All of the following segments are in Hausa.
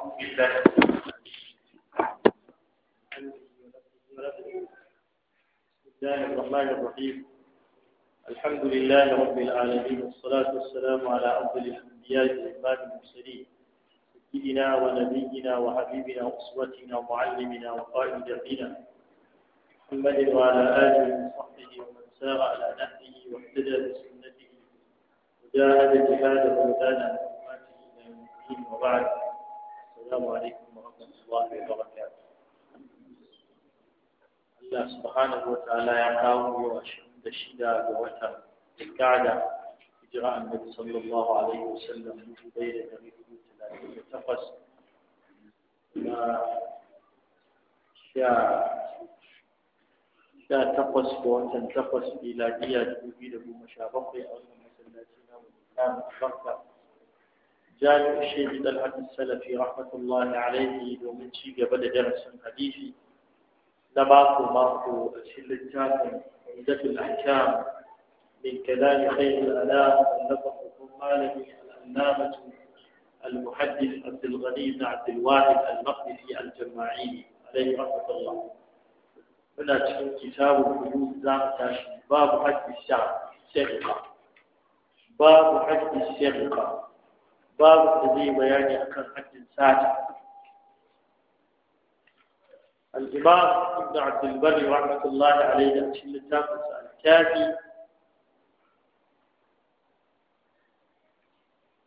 الله الرحمن الرحيم الحمد لله رب العالمين والصلاة والسلام على أفضل الأنبياء والعباد المرسلين سيدنا ونبينا وحبيبنا وأسوتنا ومعلمنا وقائد دربنا محمد وعلى آله وصحبه ومن سار على نهجه واهتدى بسنته وجاهد جهاده وزاد عن إلى يوم الدين وبعد السلام عليكم ورحمة الله وبركاته الله سبحانه وتعالى يعطاه ويؤشر الشدة ووتر الكعدة إجراء النبي صلى الله عليه وسلم من جبيل النبي صلى الله عليه وسلم تفس شاء تقص بوتن تقص بلادية جبيل أبو مشابقي أو المسلاتين أو الإسلام الفرقة جامع الشيخ طلحة السلفي رحمة الله عليه ومن شيء قبل درس حديثي نباق ماكو أشل التاكم عدة الأحكام من كلام خير الألام والنفق الضمالي الأنامة المحدث عبد الغني بن عبد الواحد المقدسي الجماعي عليه رحمة الله هنا تكون كتاب الحدود زام تاشي باب حد الشعب السرقة باب حد السرقة باب الذي بيان bayani akan haddin sata الإمام ابن عبد البر رحمة الله عليه أشل التامس الكافي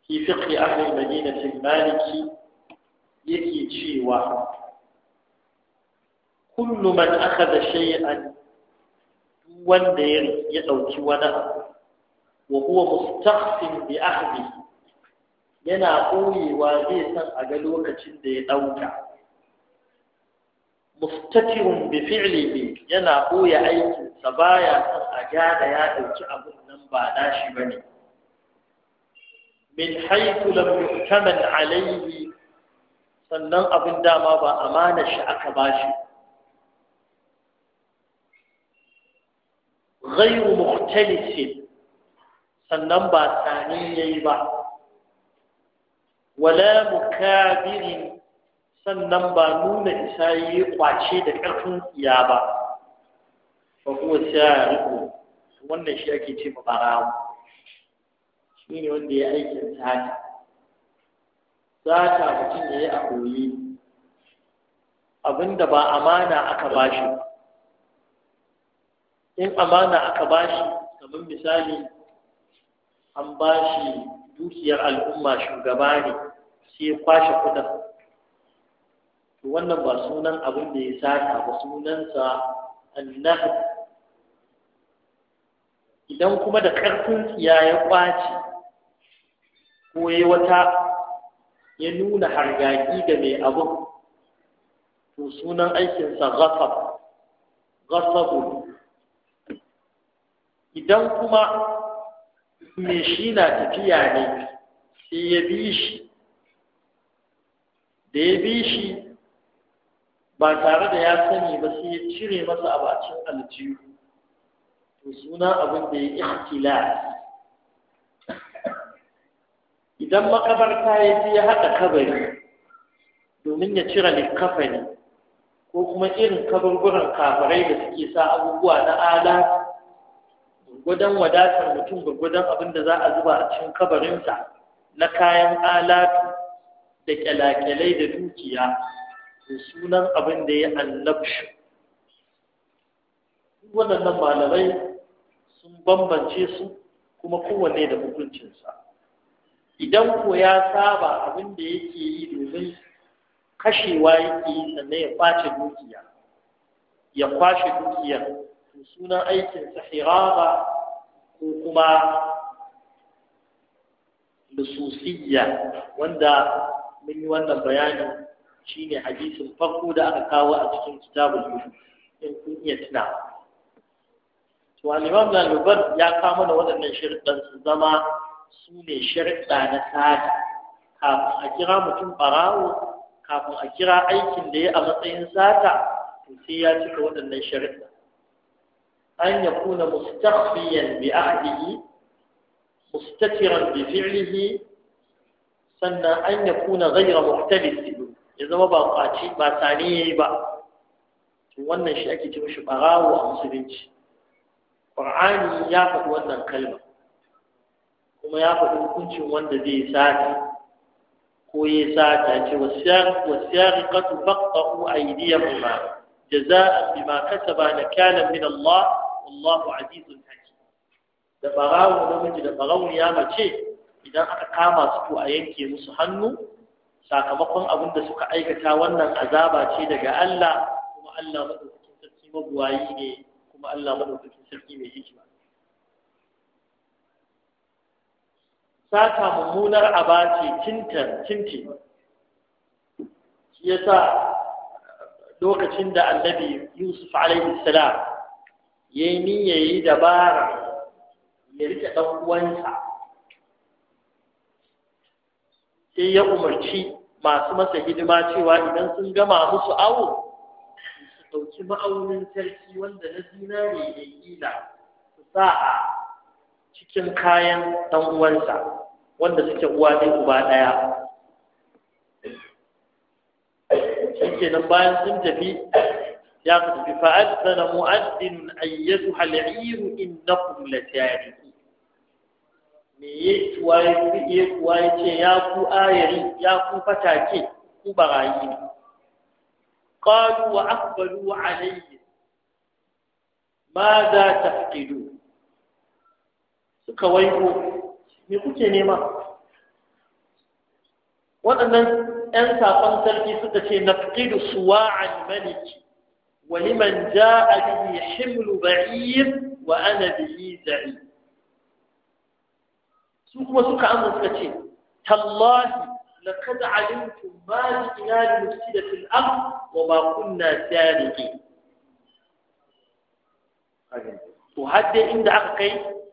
في فقه أهل المدينة المالكي يكي واحد كل من أخذ شيئا وندير يدوك وانا وهو مستخف بأخذه yana ɓoyewa zai san a ga lokacin da ya ɗauka muftatirun bi fi'lihi yana ɓoye aikinsa baya san a gyara ya ɗauki abun nan ba nashi bane min haythu lam yu'taman alayhi sannan abin dama ba amana shi aka bashi ghayru mukhtalif sannan ba ya yayi ba wala mukabirin sannan ba nuna isa yi kwace da ƙarfin iya ba ba kuma sai wannan shi ake ce mabarawo shi ne wanda ya aikin sata sata mutum ya yi a koyi abinda ba amana aka bashi in amana aka bashi kamar misali an bashi dukiyar al'umma shugaba ne sai kwashe kudin to wannan ba sunan abin da ya saka ba sunansa annahu idan kuma da ƙarfin tsiya ya kwace ko ya wata ya nuna hargagi da mai abin to sunan aikinsa ghasab ghasabu idan kuma me shi na tafiya ne sai ya bi shi da ya bi shi ba tare da ya sani ba sai ya cire masa abacin aljihu to suna abin da ya yi ikhtilas idan makabarta ya fi ya haɗa kabari domin ya cire kafani, ko kuma irin kaburburan kafarai da suke sa abubuwa na ala Gudan wadatar mutum gudan abin da za a zuba a cikin kabarinsa na kayan alatu da kyalakyalai da dukiya da sunan abin da ya allabshi waɗannan malamai sun bambance su kuma kowanne da hukuncinsa idan ko ya saba abin da yake yi domin kashewa yake yi sannan ya kwace dukiya ya kwashe dukiyar sunan aikinsa hiraba ko kuma lususiyya wanda mun yi wannan bayani ne hadisin farko da aka kawo a cikin kitabul yuhu in kun iya tuna to al-imam ya kama da waɗannan sharuɗan su zama su ne sharuɗa na sada kafin a kira mutum ɓarawo kafin a kira aikin da ya a matsayin sata to sai ya cika waɗannan sharuɗa أن يكون مستخفيا بعهده مستترا بفعله سنة أن يكون غير محتلس إذا ما بقى شيء ما ثانيه بقى wannan shi ake ce mishi a musulunci ƙur'ani ya faɗi wannan kalma kuma ya faɗi hukuncin wanda zai sata ko ya sata ce wasiyar katu faƙa'u a bima wallahu azizun hakim da barawo namiji da ya mace idan aka kama su to a yanke musu hannu sakamakon abin da suka aikata wannan azaba ce daga Allah kuma Allah madaukakin sarki mabuwayi ne kuma Allah madaukakin sarki mai hikima sata mummunar aba ce cinta cinti shi yasa lokacin da annabi Yusuf alaihi salam ya yi yi dabara ya rike ɗan uwansa sai ya umarci masu masa hidima cewa idan sun gama musu awo su ɗauki ma'aunin sarki wanda na zinare ya da su sa a cikin kayan ɗan uwansa wanda suke uwa ne uba ɗaya shi nan bayan sun tafi ya ka tafi fa'adzana mu'addin ayyatu hal'iru innakum latariki me ye tuwaye ku ye kuwaye ce ya ku ayari ya ku fatake ku barayi ne qalu wa aqbalu alayhi ماذا تفقدون suka waigo me kuke nema waɗannan 'yan saƙon sarki suka ce na fiƙidu suwa al-maliki ولمن جاء به حمل بعير وأنا به زعيم سوق وسوق أمر سكتين تالله لقد علمتم ما جئنا لنفسد في الأرض وما كنا سارقين وحتى عند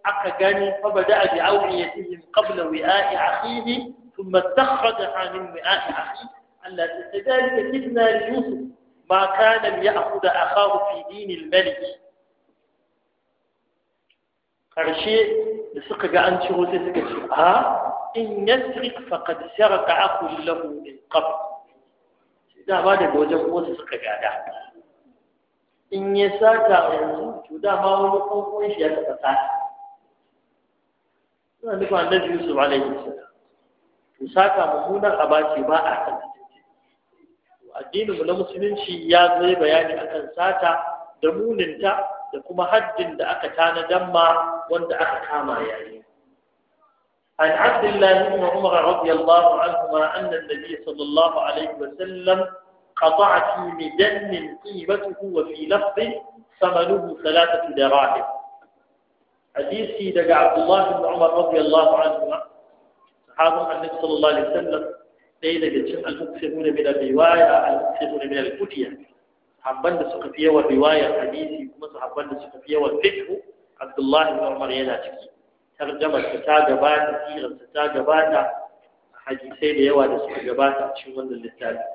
عقي جاني فبدأ بأوعيتهم قبل وعاء أخيه ثم استخرجها من وعاء أخيه ألا كذلك كدنا ليوسف ما كان ليأخذ أخاه في دين maliki. karshe da suka ga an ciro sai suka ce a in yasrik faqad saraka akhu lahu min qabl dama daga wajen uwansa suka gada in ya sata a yanzu to da ma wani kokon shi ya taba sata suna nufin annabi yusuf alaihi salam to sata mummunan aba ce ba a san addinin mu na musulunci ya zai bayani akan sata da muninta da kuma hajjin da aka tana damma wanda aka kama yayi an abdullah ibn umar radiyallahu anhu ma anna nabi sallallahu alaihi wa sallam qata'a fi midan qibatuhu wa fi lafd samaluhu thalathatu dirahim hadisi daga abdullah ibn umar radiyallahu anhu sallallahu alaihi wa sallam ɗaya daga cikin al-muksimu da mina riwaya al-muksimu da mina al-kudiya habban da suka fi yawan riwaya hadisi kuma su habban da suka fi yawan fiqh Abdullah ibn Umar yana ciki tarjamar ta ta gabata sirar ta ta gabata hadisai da yawa da suka gabata a cikin wannan littafi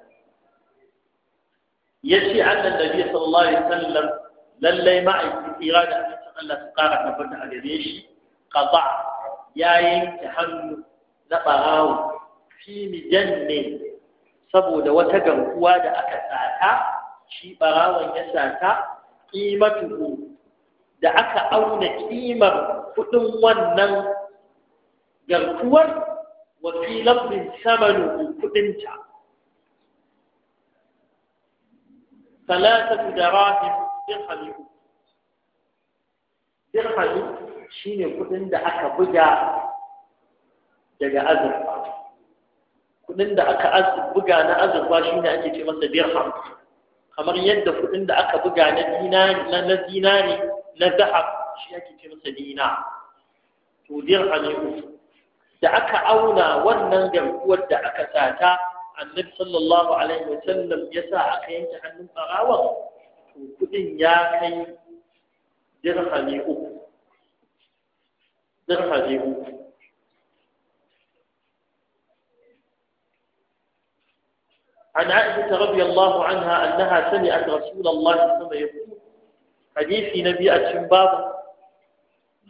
yace annan nabi sallallahu alaihi wasallam lallai ma'aikin tsira da Allah su kara tabbata a gare shi qada ya yanke hannu na barawo fi ne saboda wata garkuwa da aka sata shi barawan ya sata qimatuhu da aka auna kimar kuɗin wannan garkuwar wa fi lafzin kuɗinta, kudinta da rahim, درهم درهم shine kuɗin da aka buga daga azurfa kudin da aka buga na azurfa shi ne ake ce masa dirham kamar yadda kudin da aka buga na dinari na dinari na zahab shi ake ce masa dina to dirham ne uku da aka auna wannan garkuwar da aka sata annabi sallallahu alaihi wa sallam ya sa aka yanke hannun barawan to kudin ya kai dirham ne uku dirham ne uku عن عائشة رضي الله عنها أنها سمعت رسول الله صلى الله عليه وسلم يقول حديث نبي الشنباب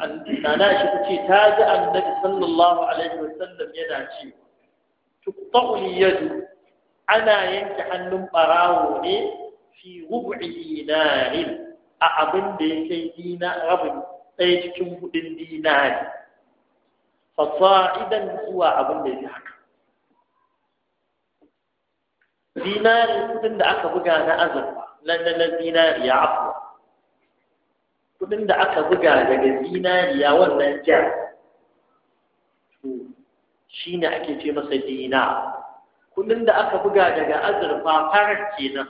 أن عائشة تشي تاج النبي صلى الله عليه وسلم يناشي تقطع اليد أنا ينكح النم براوني في ربع دينار أعبن بيكي دينار ربن أيتكم بدن دينار فصاعدا هو أعبن بيكي حكا dinari kudin da aka buga na azurfa na na ya afuwa kudin da aka buga daga ya wannan jar shi ne ake ce masa dina kudin da aka buga daga azurfa farar kenan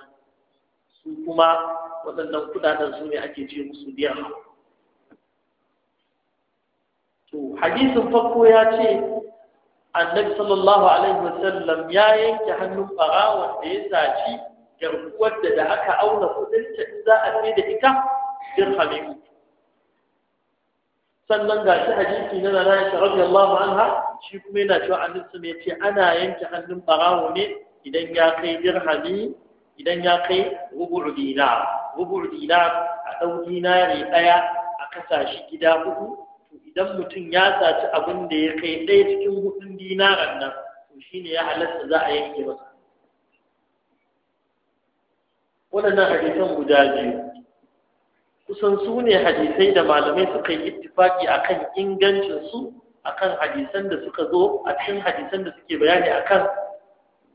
su kuma waɗannan kudaden su ne ake ce musu dirham to hadisin farko ya ce annabi sallallahu alaihi wasallam ya yanke hannun barawon da ya saci garkuwar da da aka auna kudin ta za a sai da ita dirhami sannan ga shi hadisi na nana Aisha radiyallahu anha shi kuma yana cewa annabi ya ce ana yanke hannun barawo ne idan ya kai dirhami idan ya kai rubu'u dinar rubu'u dinar a dau dinari a kasa shi gida hudu idan mutum ya saci abin da ya kai ɗaya cikin hudun dinaran nan to shi ne ya halatta za a yanke masa waɗannan hadisan guda biyu kusan su ne hadisai da malamai suka yi ittifaki akan ingancinsu akan hadisan da suka zo a cikin hadisan da suke bayani akan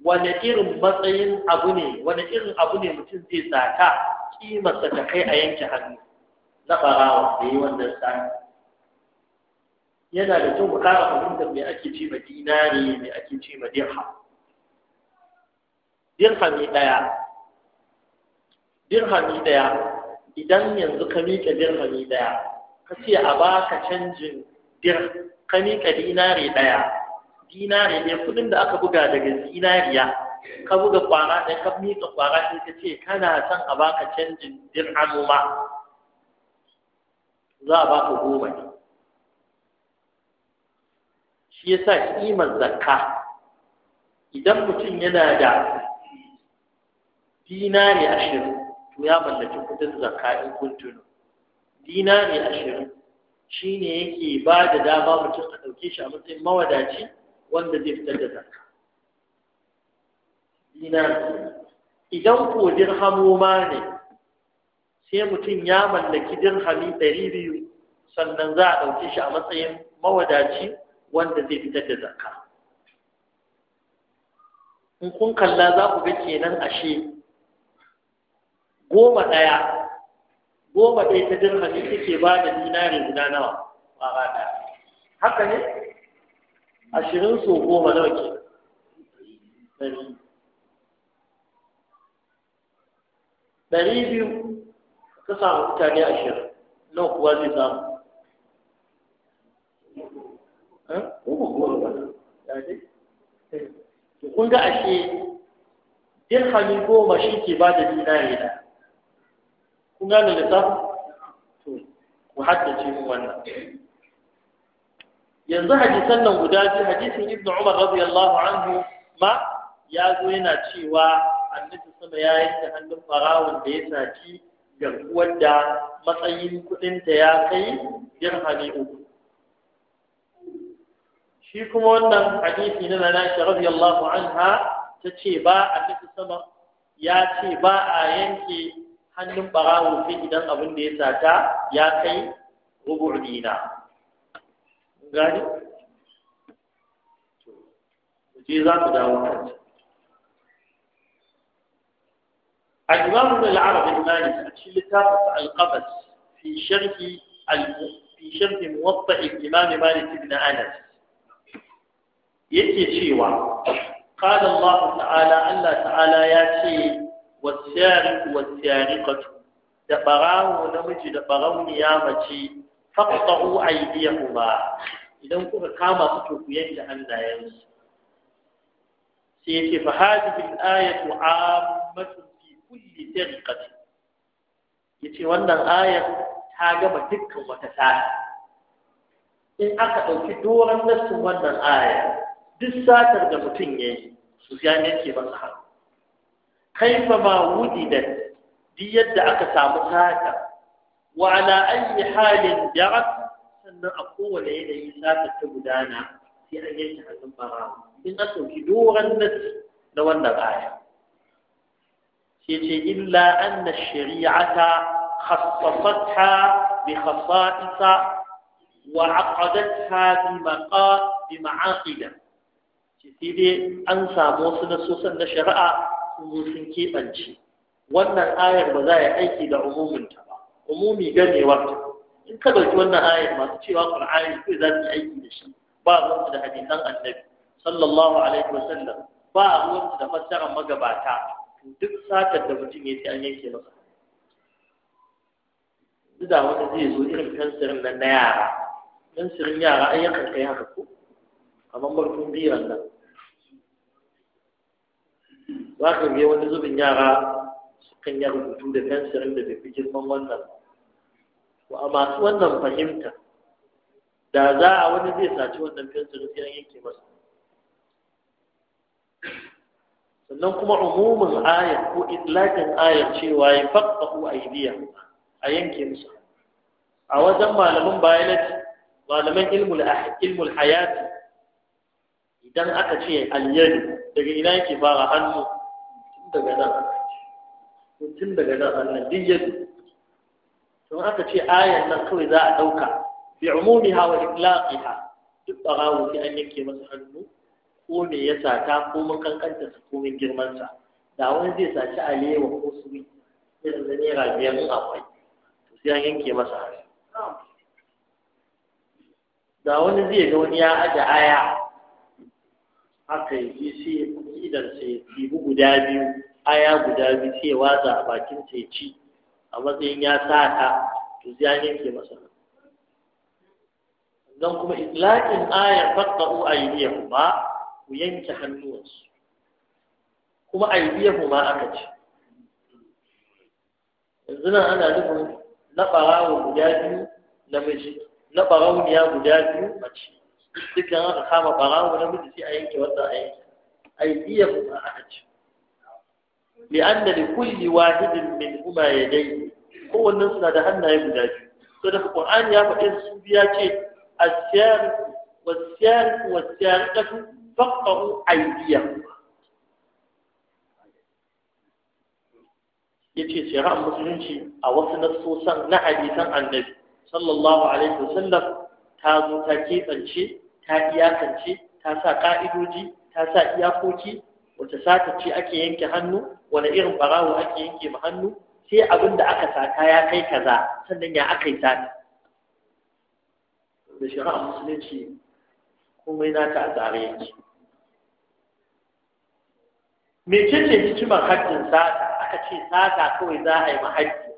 wane irin matsayin abu ne wane irin abu ne mutum zai sata kimarsa ta kai a yanke hannu na ɓarawa da yi wannan tsari yana da kyau mu ƙara fahimtar me ake ce ma dinari me ake ce ma dirham daya ɗaya ne ɗaya idan yanzu ka miƙa ne ɗaya ka ce a baka canjin dirham ka miƙa dinari ɗaya dinari ne kuɗin da aka buga daga dinariya ka buga kwara ɗaya ka miƙa kwara sai ka ce kana son a baka canjin dirhamu ma za a baka goma ne shi sa kimar zakka idan mutum yana da dinari ashirin to ya mallaki kudin zakka in kun tuno dinari ashirin shi ne yake ba da dama mutum a ɗauke shi a matsayin mawadaci wanda zai fitar da zakka dinari idan ko dirhamo ma ne sai mutum ya mallaki dirhami ɗari biyu sannan za a ɗauke shi a matsayin mawadaci wanda zai fitar da zakka in kun kalla za ku ga kenan ashe goma ɗaya goma ɗaya ta dirhami take ba da dinari guda nawa ba ɗaya haka ne ashirin so goma nawa ke ɗari ɗari biyu ka samu mutane ashirin nawa kuwa zai samu ko ba goma ba ya dai to kun ga ashe dirhami goma shi ke ba da dinari da kun gane lissafin to ku haddace mu wannan yanzu hadisan nan guda biyu hadisin ibn umar radiyallahu anhu ma ya zo yana cewa annabi sama ya yi ta hannun farawon da ya saci garkuwar da matsayin kuɗinta ya kai dirhami uku shi kuma wannan hadisi na nana shi radiyallahu anha ta ce ba a cikin sama ya ce ba a yanke hannun barawo sai idan abin da ya sata ya kai rubu dina gani je za ku dawo kanci da ابن العرب المالك في لتافة القبس في شرح في شرح موطئ الإمام مالك بن أنس yake cewa qala Allah ta'ala Allah ta'ala ya ce wasariqu wasariqatu da barawo miji da barauniya mace faqta'u aydiyahuma idan kuka kama su to ku yanke hannayensu sai yake fa hadhihi al-ayatu 'ammatun fi kulli sariqati yace wannan ayar ta gama dukkan wata ta. in aka ɗauki doron nassin wannan aya duk satar da mutum ya yi su ya yanke masa hannu kai fa ma yadda aka samu sata wa ala ayi halin da'at sannan a kowane yanayi satar ta gudana sai an yanke hannun barawa in an ɗauki doron nasi na wannan aya sai ce illa anna shari'ata خصصتها بخصائص وعقدتها بمعاقد sai dai an samu wasu nasosan na shari'a sun zo sun keɓance wannan ayar ba za a yi aiki da umuminta ba umumi ganewar in ka ɗauki wannan ayar masu cewa ƙur'ani kai za su yi aiki da shi ba ruwansu da hadisan annabi sallallahu alaihi wasallam ba a ruwansu da fassarar magabata duk satar da mutum ya ce an yanke masa duk da wani zai zo irin fensirin nan na yara fensirin yara an kai haka ko kamar barkun biran nan za ka ga wani zubin yara sukan yi rubutu da fensirin da bai fi girman wannan to a masu wannan fahimta da za a wani zai saci wannan fensirin sai an yanke masa sannan kuma umumin ayar ko idlakin ayar cewa ya faɗaɗu a biya a yanke musu a wajen malamin ilmul malaman ilmul ah, hayati idan aka ce alyadu daga ina yake fara hannu tun daga nan tun daga nan hannun duk yadu to aka ce ayan nan kawai za a ɗauka bi umumiha wa ha duk barawo sai an yanke masa hannu ko me ya sata ko mun kankanta su ko mun girman sa da wani zai saci alewa ko suwi irin da naira biyar in akwai to sai an yanke masa hannu da wani zai ga wani ya aje aya aka yi sai ya idan sai ya tibi guda biyu aya guda biyu sai ya watsa a bakin sai ci a matsayin ya sa ta to sai an yanke masa Don kuma itlaqin aya faqahu aydiyahuma ku yanke hannuwansu kuma aydiyahuma aka ci. yanzu nan ana nufin na ɓarawo guda biyu miji, na ɓarauniya guda biyu a ci. duka aka kama na namiji sai a yanke wata a yanke aidiyahum a aka ce لأن لكل واحد منهما يديه هو الناس هذا هنا يبدأ فده القرآن يا فإن سبياتي السارق والسارق والسارقة فقطعوا أيديهم yace shari'ar musulunci a wasu nassosan na hadisan annabi sallallahu alaihi wasallam ta zo ta ketsance ta iyakance ta sa ƙa'idoji ta sa iyakoki wata sata ce ake yanke hannu wani irin barawo ake yanke ma hannu sai abin da aka sata ya kai kaza sannan ya aka yi sata da shari'a musulunci komai na ta Me ce ce mecece hikimar haddin sata aka ce sata kawai za a yi ma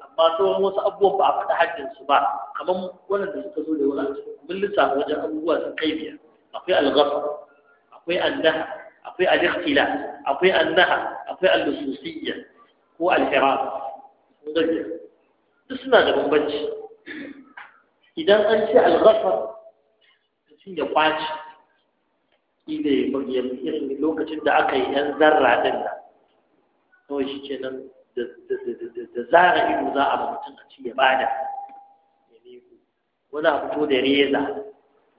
amma sauran wasu abubuwan ba a faɗi haddin su ba kamar waɗanda suka zo da wani mun lissafa wajen abubuwa sun kai biyar akwai al-ghafar akwai annaha akwai al-ikhtila akwai annaha akwai al-lususiyya ko al-firaq sun gaje duk suna da bambanci idan an ce al-ghafar mutum ya kwaci ile irin lokacin da aka yi yan zarra din nan kawai shi nan da zara ido za a mutum a ci ya bada wani abu fito da reza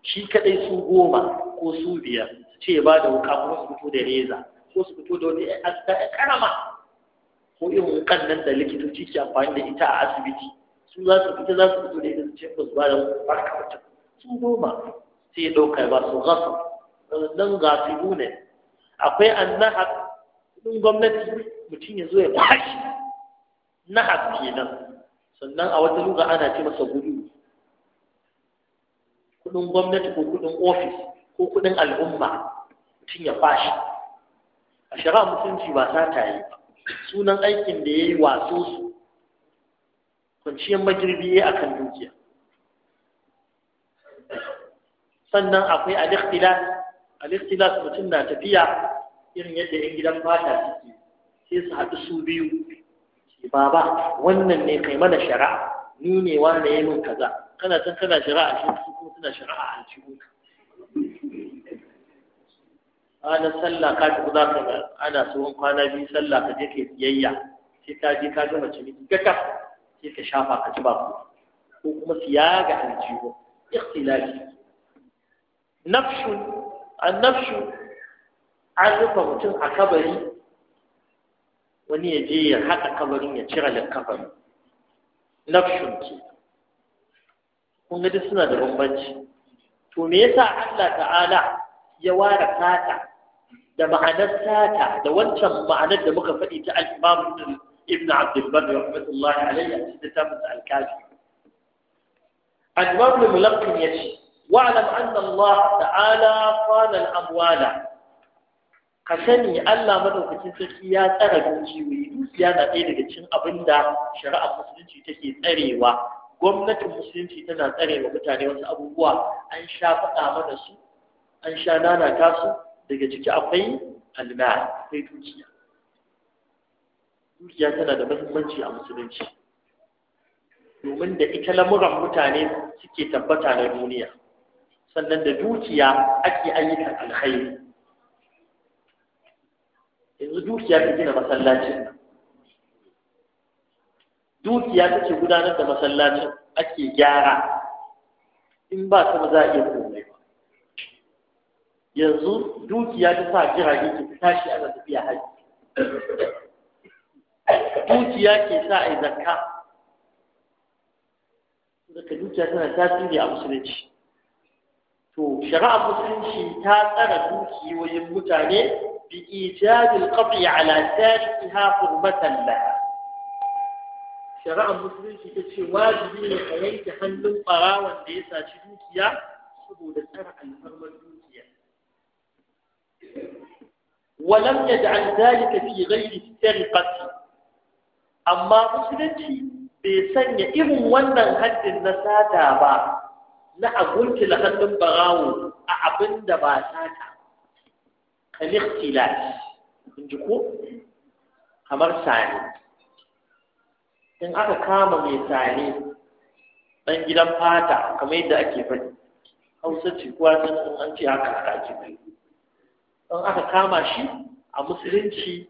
shi kadai su goma ko su biyar su ce ba da wuka ko su fito da reza ko su fito da wani asta karama ko yi wukan nan da likitoci ke amfani da ita a asibiti su za su fita za su fito da ita su ce ba su ba da barka mutum su goma sai ɗauka ba su gasa nan ga su ne akwai annahar ɗin gwamnati mutum ya zo ya kwashi nahar kenan sannan a wata lura ana ce masa gudu kuɗin gwamnati ko kuɗin ofis ko kuɗin al'umma mutum ya fashi a shara mutunci ba sa ta yi sunan aikin da ya yi waso su kwanciyar magirbi ya akan dukiya sannan akwai al mutum na tafiya irin yadda yan gidan fata suke sai su haɗu su biyu ba ba wannan ne kai mana shara. ni ne wanda ya min kaza kana san kana shari'a shi su kuma tana shari'a a cikin ana sallah ka tafi za ka ana tsohon kwana biyu sallah ka je ka yi biyayya sai ka je ka gama ciniki gaka sai ka shafa ka ci ba ku ko kuma siya ga aljihu ikhtilafi nafshu an nafshu an rufe mutum a kabari wani ya je ya haɗa kabarin ya cire likkafarin nafshun ke kun ga suna da bambanci to me yasa Allah ta'ala ya ware fata da ma'anar sata da wancan ma'anar da muka faɗi ta al-Imam Ibn Abdul Barr rahmatullahi alayhi a cikin tafsir al-Kafi al-Imam al-Mulaqqin yace wa'lam anna Allah ta'ala qala al-amwala ka sani Allah madaukakin sarki ya tsara dukiyoyi dukiya na ɗaya daga cikin abin da shari'ar musulunci take tsarewa gwamnatin musulunci tana tsare wa mutane wasu abubuwa an sha faɗa mana su an sha nanata su daga ciki akwai almal akwai dukiya dukiya tana da muhimmanci a musulunci domin da ita lamuran mutane suke tabbata na duniya sannan da dukiya ake ayyukan alkhairi yanzu dukiya ta gina masallacin nan. dukiya take gudanar da masallacin ake gyara in ba ta ba za a iya komai ba yanzu dukiya ta sa jirage ke ta tashi ana tafiya haji dukiya ke sa a yi zakka zaka dukiya tana tasiri a musulunci to shari'ar musulunci ta tsara dukiyoyin mutane bi ijabil qat'i ala tarikiha qurbatan laha shari'ar musulunci ita ce wajibi ne ka yanke hannun barawon da ya saci dukiya saboda tsara alfarmar dukiya ولم يجعل ذلك في غير السرقة Amma musulunci bai sanya irin wannan haddin na sata ba na a hannun barawo a abin da ba sata kalikhtilat in ji ko kamar sani in aka kama mai sare ɗan gidan fata kamar yadda ake faɗi hausa ce kuwa san in an ce haka a ake mai in aka kama shi a musulunci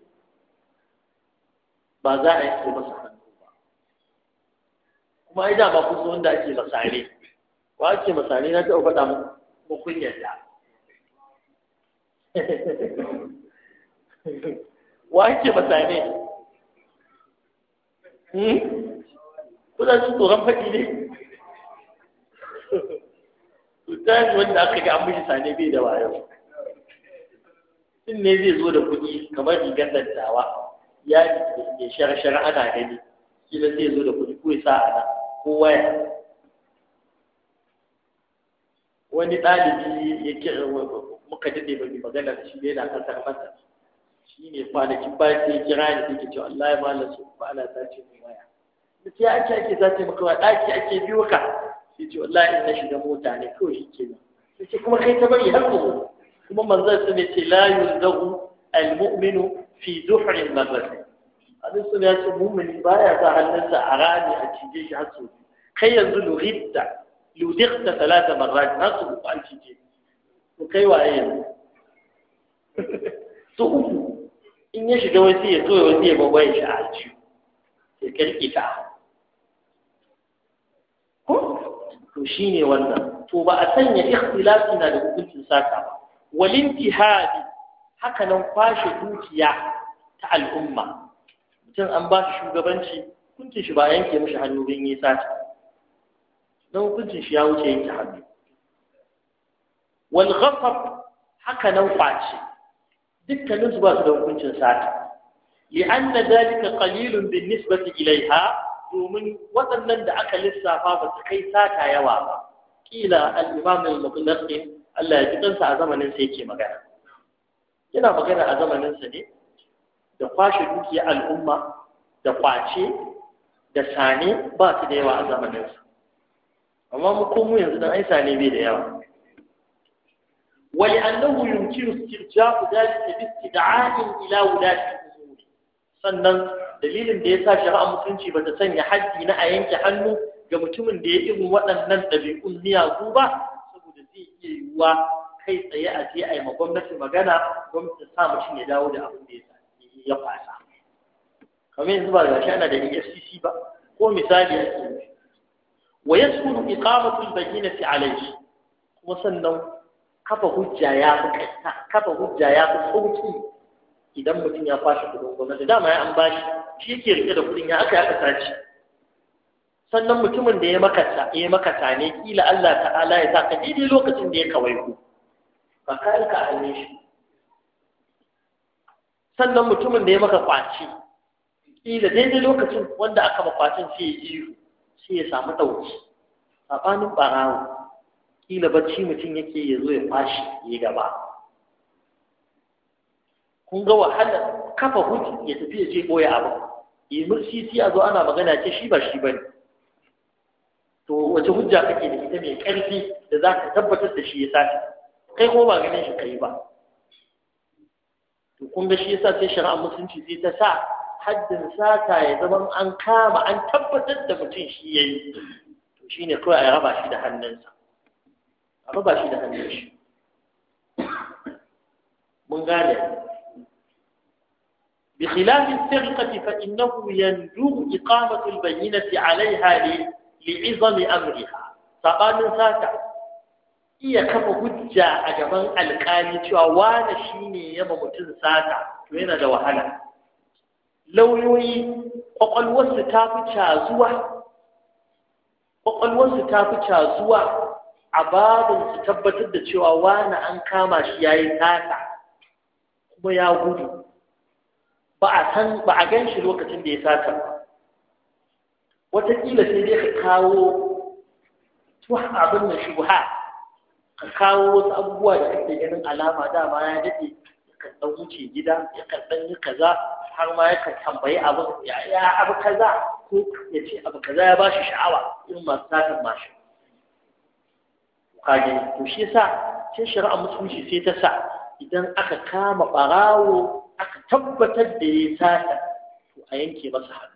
ba za a yi ko masa hannu ba kuma ai da ba so wanda ake masare ko ake masare na taɓa faɗa kun yadda wa ake masare Hmm? kuna jin tsoron faɗi ne tutani wanda aka ga an mishi sane bai da wayo sun ne zai zo da kuɗi kamar rigar dattawa ya ke shara-shara ana gani kila zai zo da kuɗi ko ya sa ana ko waya wani ɗalibi ya kira muka daɗe ba mai magana da shi ne na ƙasar masar shi ne kwanakin bayan sai kira ne take cewa Allah ya malam su ba ala ta ce mai waya da ce ake ake za maka waya ɗaki ake biyo ka sai ce wallahi in na shiga mota ne kawai shi ke nan sai ce kuma kai ta bari har gobe kuma manzon sun ce la yunzahu al-mu'minu fi zuhrin madrasa abin sun ya ce mumini baya sa hannunsa a rami a cije shi har sau kai yanzu luhitta ludiqta talata marrat har sau uku an cije to kai waye yanzu su uku in ya shiga wasu ya so wasu ya babban shi a aljihu ya karki ta ko to ne wannan to ba a sanya ikhtilafi na da hukuncin saka ba Walin hadi haka nan kwashe dukiya ta al'umma mutum an ba shi shugabanci hukuncin shi ba yanke mishi hannu bin yi sata don hukuncin shi ya wuce yanke hannu wal ghafar haka nan kwace dukkanin su ba su da hukuncin sata li'anna zalika qalilun bin nisbati ilaiha domin waɗannan da aka lissafa ba su kai sata yawa ba kila al-imam al-muqaddas Allah ya ji kansa a zamanin sa yake magana yana magana a zamanin sa ne da kwashe dukiya al'umma da kwace da sane ba su da yawa a zamanin sa amma mu ko yanzu dan ai sane bai da yawa ولأنه يمكن استرجاع ذلك باستدعاء إلى ولاة الأمور sannan dalilin da ya sa shari'a mutunci ba ta sanya haddi na a yanke hannu ga mutumin da ya irin waɗannan ɗabi'un miyagu ba saboda zai iya yiwuwa kai tsaye a je a yi ma gwamnati magana don ta sa mutum ya dawo da abin da ya fasa kamar yanzu ba da shi ana da EFCC ba ko misali ya ake wa ya suna yasulu iqamatul bayyinati alayhi kuma sannan kafa hujja ya fi kasa kafa hujja ya fi sauki idan mutum ya kwashe kudin gwamnati dama ya an bashi shi yake rike da kudin ya aka aka sace sannan mutumin da ya makata ya makata ne kila Allah ta'ala ya sa ka daidai lokacin da ya kawai ku ba ka yi ka hannun shi sannan mutumin da ya maka kwaci kila daidai lokacin wanda aka makwacin sai ya ihu sai ya samu ɗauki saɓanin ɓarawo kila bacci mutum yake ya zo ya fashi ya gaba kun ga wahala kafa hudu ya tafi ya je boye abu imir sisi a zo ana magana ce shi ba shi ba ne. to wace hujja kake da ita mai ƙarfi da za ka tabbatar da shi ya sace kai ko ba ganin shi kai ba to kun ga shi yasa sai shari'a musulunci sai ta sa haddin sata ya zama an kama an tabbatar da mutum shi yayi to shine kawai a raba shi da hannunsa amma ba shi da hannun shi mun gane بخلاف السرقة فإنه يندوب إقامة البينة عليها لعظم أمرها sabanin sata iya kafa hujja a gaban alkali cewa wane ne ya ba mutum sata to yana da wahala lauyoyi kwakwalwarsu ta fi kwakwalwarsu ta fi cazuwa a babin su tabbatar da cewa wani an kama shi ya yi tata kuma ya gudu ba a san ba a gan shi lokacin da ya tata ba wataƙila sai dai ka kawo tuwa abin da shubha ka kawo wasu abubuwa da kake ganin alama dama ya daɗe ya kan wuce gida ya kan yi kaza har ma ya tambayi abin ya abu kaza ko ya ce abu kaza ya ba shi sha'awa irin masu satar mashin kage to shi yasa sai shari'a musulunci sai ta sa idan aka kama barawo aka tabbatar da ya sata to a yanke masa hannu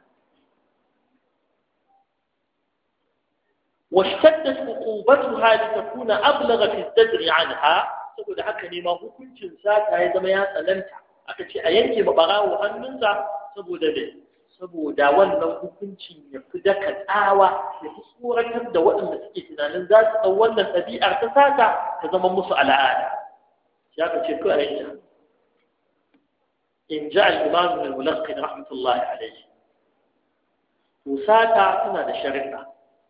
واشتدت عقوبتها لتكون أبلغ في الزجر عنها saboda haka ne ma hukuncin sata ya zama ya tsananta aka ce a yanke ma barawo hannunsa saboda dai saboda wannan hukuncin ya fi daka tsawa ya fi tsoratar da waɗanda suke tunanin za su ɗau wannan ɗabi'ar ta sata ta zama musu al'ada ya ka ce kawai in ji al'imam mai mulaƙi na rahmatullahi alaihi to sata tana da shari'a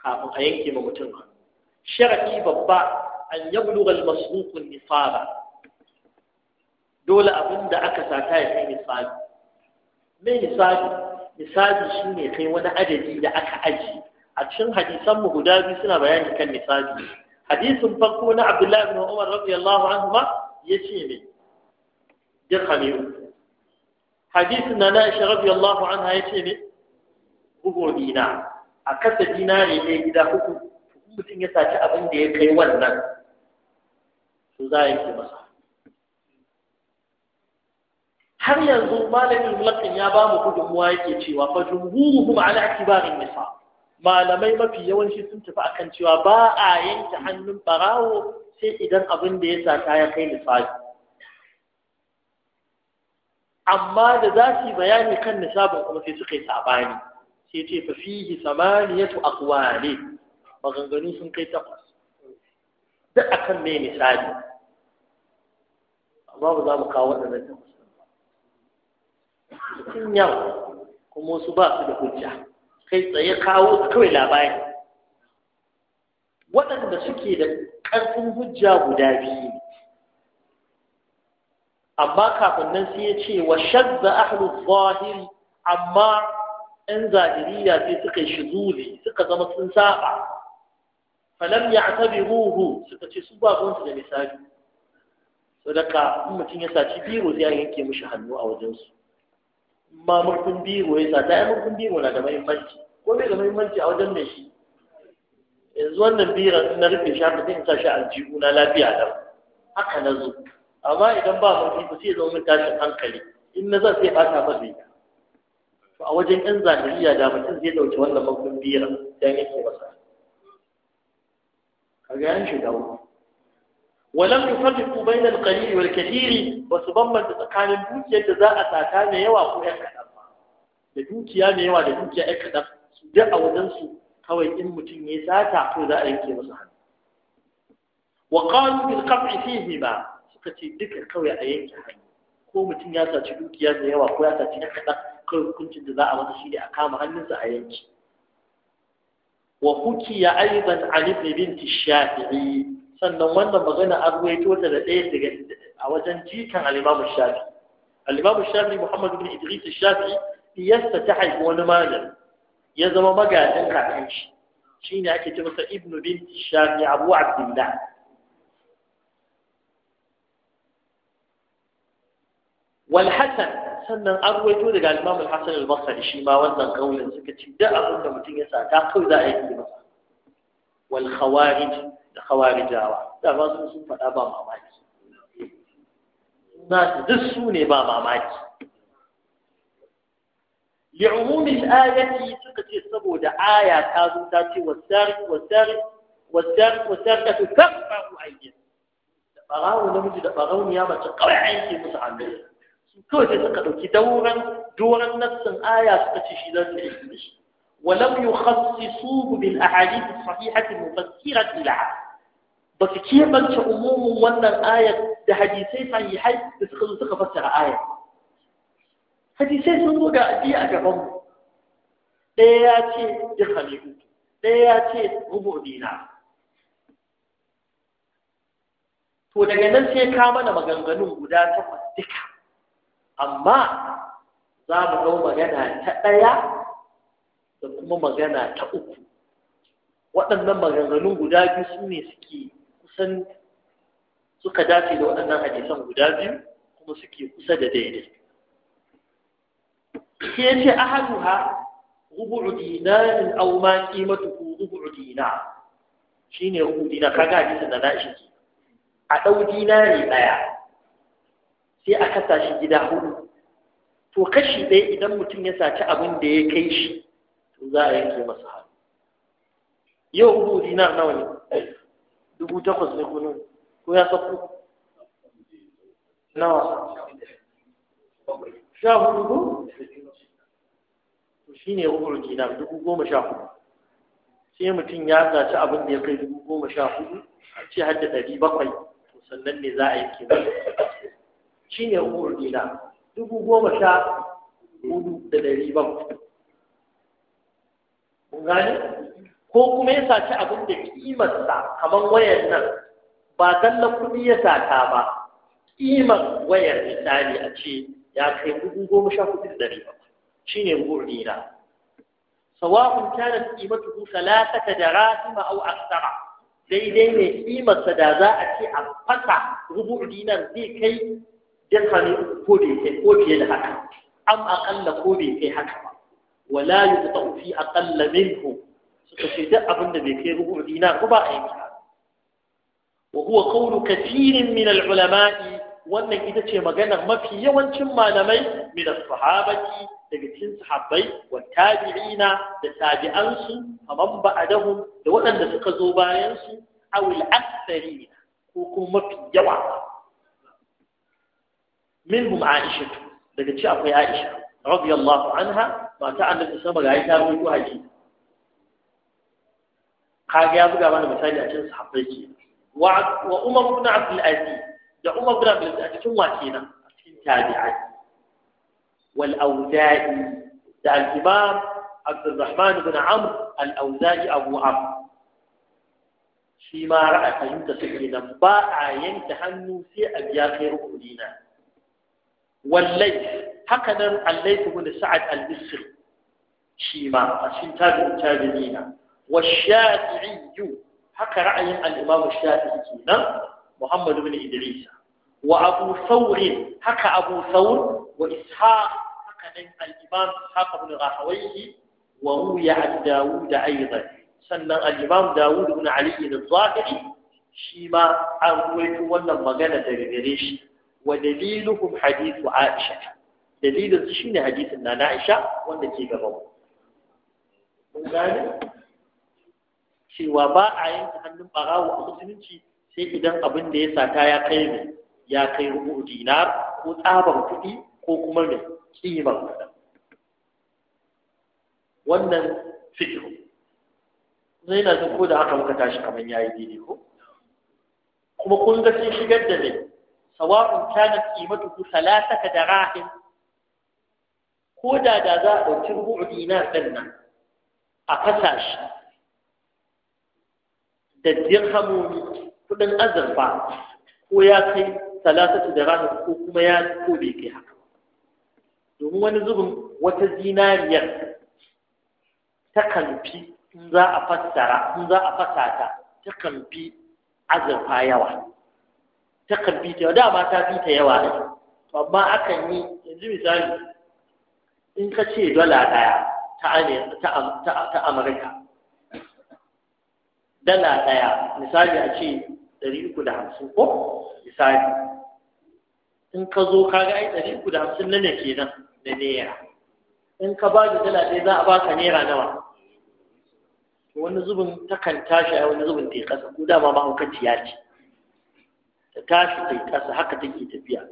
kafin a yanke ma mutum shari'i babba an yabluga al-masruq nisaba dole abin da aka sata ya kai nisabi me nisabi nisabi shine kai wani adadi da aka aji a cikin hadisan mu guda biyu suna bayani kan nisabi hadisin farko na Abdullahi ibn Umar radiyallahu anhu ma yace ne dirhami hadisin na Aisha radiyallahu anha yace ne bugo dina a kasa dina ne gida uku mutum ya saci abin da ya kai wannan to za a yi masa har yanzu malamin mulkin ya ba mu gudunmuwa yake cewa fa jumhuruhum ala akibarin nisa malamai mafi yawanci sun tafi akan cewa ba a yanke hannun barawo sai idan abin da ya sata ya kai nisabi amma da za su yi bayani kan nisabin kuma sai suka yi sabani sai ce fa fihi samaniyatu aqwali maganganu sun kai takwas duk akan me nisabi babu za mu kawo wannan cikin yau kuma wasu ba su da hujja kai tsaye kawo kawai labari waɗanda suke da ƙarfin hujja guda biyu amma kafin nan sai ya ce wa shadda ahlu zahiri amma 'yan zahiriya sai suka yi shuzuli suka zama sun saba falam ruhu suka ce su ba gonsu da misali sadaka in mutum ya saci biro sai ya yanke mishi hannu a wajensu ma murfin biro ya sa ya murfin biro na da mahimmanci ko bai da mahimmanci a wajen mai shi yanzu wannan biran na rufe shi haka sai in sa shi aljihu na lafiya lau haka na zo amma idan ba murfi ba sai zo min tashin hankali in na zan sai fata ba zai a wajen yan zahiriya da mutum zai dauki wannan murfin biran dan yake masa ga yan shiga wani ولم يفرقوا بين القليل والكثير وسبما تسكان دوكيا تزاء ساتا ما يوا كو يكا دبا da dukiya mai yawa da dukiya ya kaɗan su da a su kawai in mutum ya sata ko za a yanke musu hannu wa qalu bil qat'i fihi ma suka ce duka kawai a yanke hannu ko mutum ya saci dukiya da yawa ko ya saci na kaɗan kawai hukuncin da za a masa shi ne a kama hannunsa a yanke wa hukiya aidan an ibn binti shafi'i sannan wannan magana an ruwaito ta da ɗaya daga a wajen jikan al-Imam Shafi al-Imam Shafi Muhammad ibn Idris Shafi iyasta ta haifi wani malam ya zama magajin kakan shi shine ake ce masa Ibn bin Shafi Abu Abdullah wal Hasan sannan an ruwaito daga al-Imam al-Hasan al-Basri shi ma wannan kaulin suka ci da abin da mutum ya sa ta kawai za a yi masa wal Khawarij khawarijawa da ba su sun fada ba mamaki ba su duk su ne ba mamaki لعموم الآية تكتي الصبود آية تازو تاتي والسارق والسارق والسارق والسارق تكفع أيضا فغاو نمجد فغاو نياما تقوى عينك مصعب سكوة تقدو كدورا دورا نفسا آية تكتي شدان الإسمش ولم يخصصوه بالأحاديث الصحيحة المفسرة لها ba su keɓance umumin wannan ayar da hadisai sahihai da suka zo suka fassara ayar hadisai sun zo ga biyu a gabanmu ɗaya ya ce dirhami uku ɗaya ya ce rubu dina to daga nan sai ka mana maganganun guda takwas duka amma za mu ɗau magana ta ɗaya da kuma magana ta uku waɗannan maganganun guda biyu su ne suke sun suka dace da waɗannan hadisan guda biyu kuma suke kusa da daidai sai ce ahaduha rubu'u dinarin aw ma qimatuhu rubu'u dinar shine rubu'u dinar kaga su da na shi a dau dinari daya sai a kasa shi gida hudu to kashi ɗaya idan mutum ya saci abin da ya kai shi to za a yanke masa hannu yau rubu dinar nawa ne dubu takwas ne kuno ko ya sauko nawa sha hudu ko Shine shi ne dubu goma sha hudu sai mutum ya zaci abin da ya kai dubu goma sha hudu a ce har da ɗari bakwai to sannan ne za a yi kina shi ne rukurki dubu goma sha hudu da ɗari bakwai kun gane ko kuma ya saci abin da kimarsa kamar wayar nan ba zallan kuɗi ya sata ba kimar wayar misali a ce ya kai dubu goma sha kuɗi da ɗari ba shi ne burina sawa'un kanat qimatuhu thalathata darasim au akthara daidai ne kimarsa da za a ce a fasa rubu dinar zai kai dirhami ko bai kai ko fiye da haka am aqalla ko bai kai haka ba wala yuqta fi aqalla minhu suka duk abin da bai kai rubu dinar ba a yanki wa huwa qawlu kathirin min al-ulama'i wannan ita ce maganar mafi yawancin malamai min as-sahabati daga cikin sahabbai wa tabi'ina da tabi'ansu faman ba'dahum da waɗanda suka zo bayan su aw al ko kuma mafi yawa minhum Aisha daga ci akwai Aisha radiyallahu anha mata annabi sama ga ita rubutu hadisi kaga ya buga mana misali a cikin sahabbai ke wa Umar ibn Abdul Aziz da Umar ibn Abdul Aziz cikin wa kenan a cikin tabi'ai wal awza'i da al-Imam Abdul Rahman ibn Amr al-Awza'i Abu Amr shi ma ra'a fahimta su kenan ba a yanke hannu sai a biya kai na. wallai haka nan allai ibn Sa'ad al-Bisri shi ma a cikin tabi'in tabi'ina والشافعي هكا رأي الإمام الشافعي كنا محمد بن إدريس وأبو ثور هكا أبو ثور وإسحاق هكا الإمام إسحاق بن راهويه وروي عن داود أيضا سنة الإمام داود بن علي الظاهري شيما أرويت ولا مغانا تغيريش ودليلهم حديث عائشة دليل شين حديث أن عائشة وأن تيجي غير cewa ba a yanke hannun barawo a musulunci sai idan abin da ya sata ya kai ne ya kai rubu dinar ko tsabar kuɗi ko kuma mai kimar kuɗi wannan fikiru zai na ko da haka muka tashi kamar ya yi daidai ko kuma kun ga sun shigar da mai sawa'un salata ka da darahim ko da da za a ɗauki rubu dinar ɗin nan a fasa shi da dirhamu kudin azurfa ko ya kai talatatu da rahim ko kuma ya ko bai kai haka domin wani zubin wata zinariyar ta kamfi in za a fassara in za a fasata ta kamfi azurfa yawa ta kamfi ta dama ta fi ta yawa ne amma akan yi yanzu misali in ka ce dola ɗaya ta amurka dala ɗaya misali a ce ɗari uku da hamsin ko misali in ka zo ka ga ai ɗari uku da hamsin na ne nan na naira in ka ba da dala ɗaya za a baka naira nawa wani zubin takan tashi a wani zubin ta yi ƙasa ko dama ma ya ce ta tashi ta yi ƙasa haka take tafiya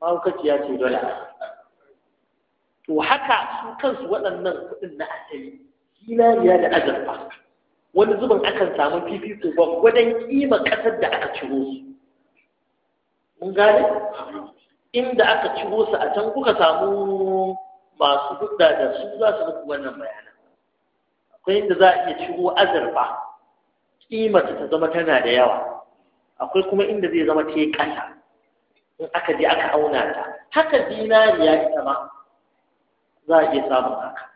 mahaukaciya ce dola. to haka su kansu waɗannan kuɗin na asali zinariya da azurfa wani zubin akan samu fifiko gwaggwadon kima kasar da aka ciro su mun gane inda aka ciro su a can kuka samu masu hudda da su za su muku wannan bayanan akwai inda za a iya ciro azurfa kima ta zama tana da yawa akwai kuma inda zai zama ta yi ƙasa in aka je aka auna ta haka ya ita ma za a iya samun haka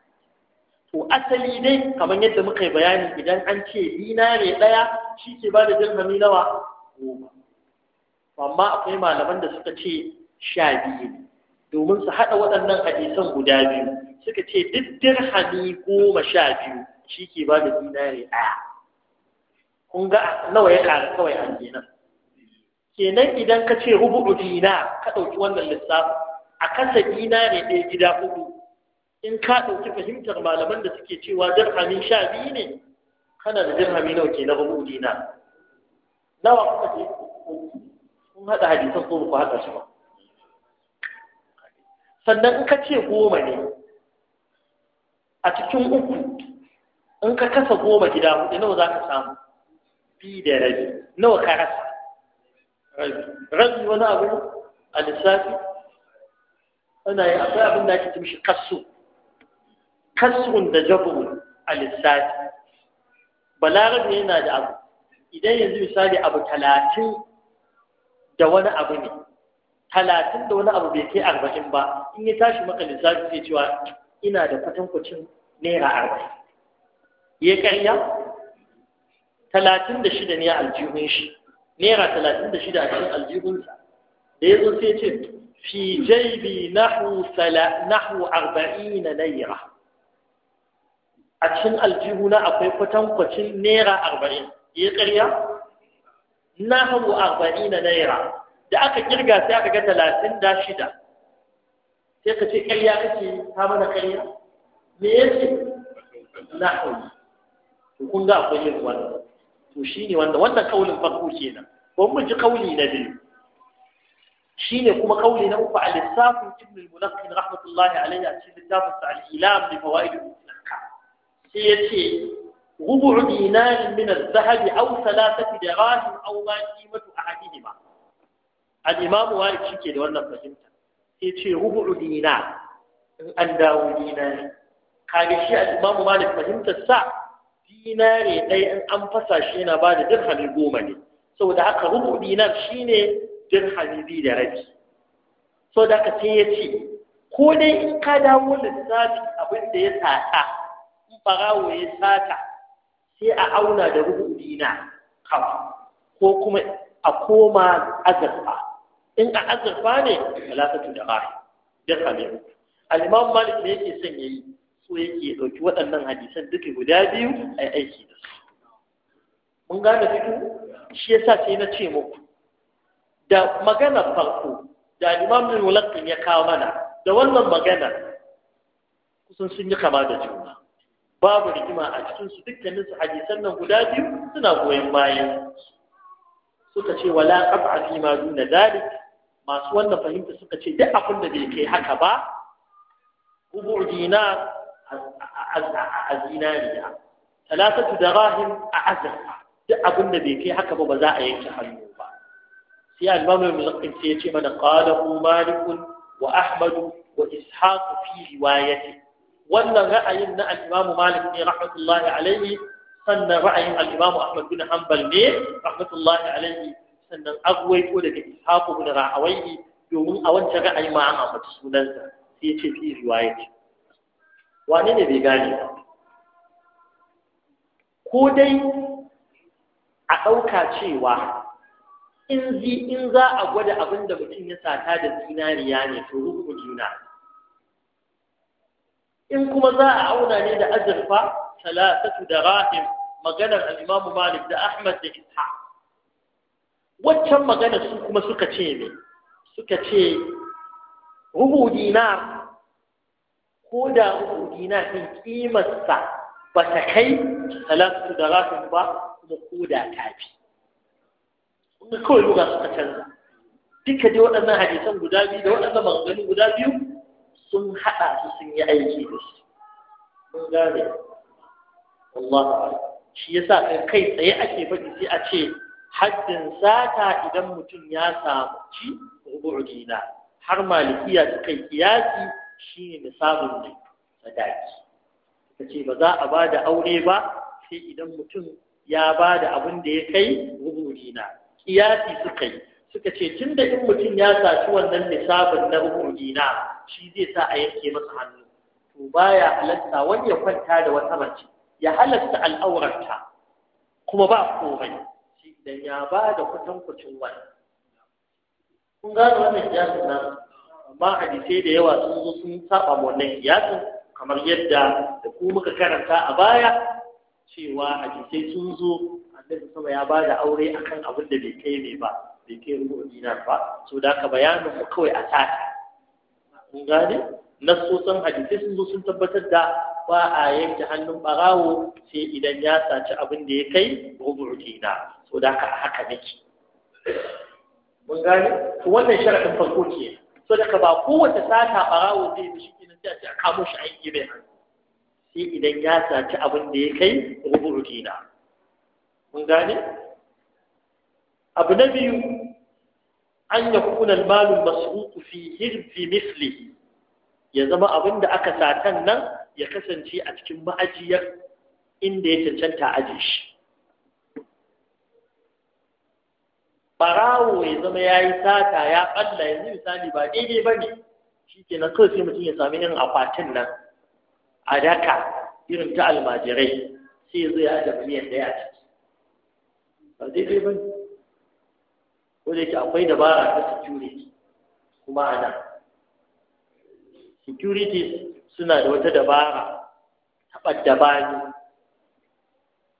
to asali dai kamar yadda muka yi bayani idan an ce dinare ɗaya shi ke ba da dirhami nawa goma amma akwai malaman da suka ce sha biyu domin su haɗa waɗannan hadisan guda biyu suka ce duk dirhami goma sha biyu shi ke ba da dinare ɗaya kun ga nawa ya ƙara kawai an kenan kenan idan ka ce rubu'u dina ka ɗauki wannan lissafin a kasa dinare ɗaya gida hudu in ka ɗauki fahimtar malaman da suke cewa dirhamin sha biyu ne kana da dirhami nawa ke na rubu dina nawa kuka ce kun haɗa hadisan ko ku haɗa su ba sannan in ka ce goma ne a cikin uku in ka kasa goma gida hudu nawa za ka samu bi da rabi nawa ka rasa rabi rabi wani abu a lissafi ana yi akwai abin da ake tumshi kasu kasrun da jabrun a lissafi ne yana da abu idan yanzu misali abu talatin da wani abu ne talatin da wani abu bai kai arba'in ba in ya tashi maka lissafi sai cewa ina da kwatankwacin naira arba'in ya karya talatin da shida ne a aljihun shi naira talatin da shida a cikin aljihun aljihunsa da ya zo sai ce fi jaibi nahu arba'in na naira a cikin aljihuna akwai kwatankwacin naira arba'in ya ƙarya na hagu arba'in na naira da aka kirga sai aka ga talatin da shida sai ka ce ƙarya kake ta mana ƙarya me ya ce? na hagu to kun ga akwai yin wannan to shine wannan wannan kaulin farko kenan ko mun ji kauli na biyu Shi ne kuma kauli na uku a lissafin ibn al-Mulaqqin rahmatullahi alayhi a cikin littafin sa al-Ilam bi fawaid al sai ya ce rubu dinarin min az-zahabi aw thalathati dirahim aw ma qimatu ahadihima al-imam wali shike da wannan fahimta sai ce rubu dinar in an dawo dinari kage shi al-imam wali fahimta sa dinare dai in an fasa shi yana ba da dirhami goma ne saboda haka rubu dinar shine dirhami bi da rabi saboda haka sai ya ce ko dai in ka dawo lissafi abin da ya tsata barawo ya sata sai a auna da rubu dina kawai ko kuma a koma azurfa in a azurfa ne talafatu da rai da kame al-imam malik ne yake son yayi so yake dauki waɗannan hadisan duka guda biyu ai aiki da su mun gane fito shi yasa sai na ce muku da maganar farko da imam bin ya kawo mana da wannan magana kusan sun yi kama da juna babu rigima a cikin su dukkanin su hadisan nan guda biyu suna goyon bayan suka ce wala qaf'a fi ma duna dalik masu wannan fahimta suka ce duk abin da bai kai haka ba rubu dinar a zinariya talatatu darahim a azurfa duk abin da bai kai haka ba ba za a yanke hannu ba sai al-imam al-mulqin ya ce mana qala malikun wa ahmad wa ishaq fi wannan ra'ayin na al-Imam Malik ne rahmatullahi alaihi sannan ra'ayin al-Imam Ahmad bin Hanbal ne rahmatullahi alaihi sannan ko daga Ishaqu bin Rahawayhi domin a wancan ra'ayi ma an ambaci sunansa sai ya ce fi riwayat wane ne bai gane ko dai a ɗauka cewa in za a gwada abin da mutum ya sata da zinariya ne to rubu juna in kuma za a auna ne da azurfa talatatu da rahim maganar Alimamu imamu malik da ahmad da isha waccan magana su kuma suka ce ne suka ce rubu dinar ko da rubu dinar din kimarsa ba ta kai talatatu da rahim ba kuma ko da ta fi kuma kawai lura suka canza duka dai waɗannan hadisan guda biyu da waɗannan maganganu guda biyu sun haɗa su sun yi aiki da shi mun gane Allah shi sa kai kai tsaye ake faɗi sai a ce haddin sata idan mutum ya samu ci rubu'u har malikiya su kai kiyasi shine samun ne sadaki ta ce ba za a ba da aure ba sai idan mutum ya ba da abin da ya kai rubu'u dina kiyasi su kai. suka ce tun da in mutum ya saci wannan nisabin na rukun na shi zai sa a yanke masa hannu to baya halatta wani ya kwanta da wata mace ya halatta al'aurarta kuma ba komai shi idan ya ba da kucin wani kun gano wannan kiyasin nan amma hadisai da yawa sun zo sun saba wannan kiyasin kamar yadda da ku muka karanta a baya cewa hadisai sun zo annabi sama ya ba da aure akan abin da bai kai ne ba bai kai rubu dinar ba so da ka bayanin mu kawai a sata. kun gane Na nassosan hadisi sun zo sun tabbatar da ba a yanke hannun barawo sai idan ya saci abin da ya kai rubutu dinar so da ka haka nake mun gane to wannan sharadin farko ke so da ka ba kowace sata barawo zai yi shi kenan sai a ce a kamo shi aiki bai sai idan ya saci abin da ya kai rubutu dinar mun gane abu na biyu an yakuna al-malul masruqu fi hirfi ya zama abin da aka satan nan ya kasance a cikin ma'ajiyar inda ya cancanta aji shi barawo ya zama ya yi sata ya ɓalla yanzu misali ba daidai ba ne shi ke na sai mutum ya sami irin akwatin nan a daka irin ta almajirai sai ya zo ya da miliyan daya ba daidai ba ne ko da yake akwai dabara ta security kuma ana security suna da wata dabara taɓa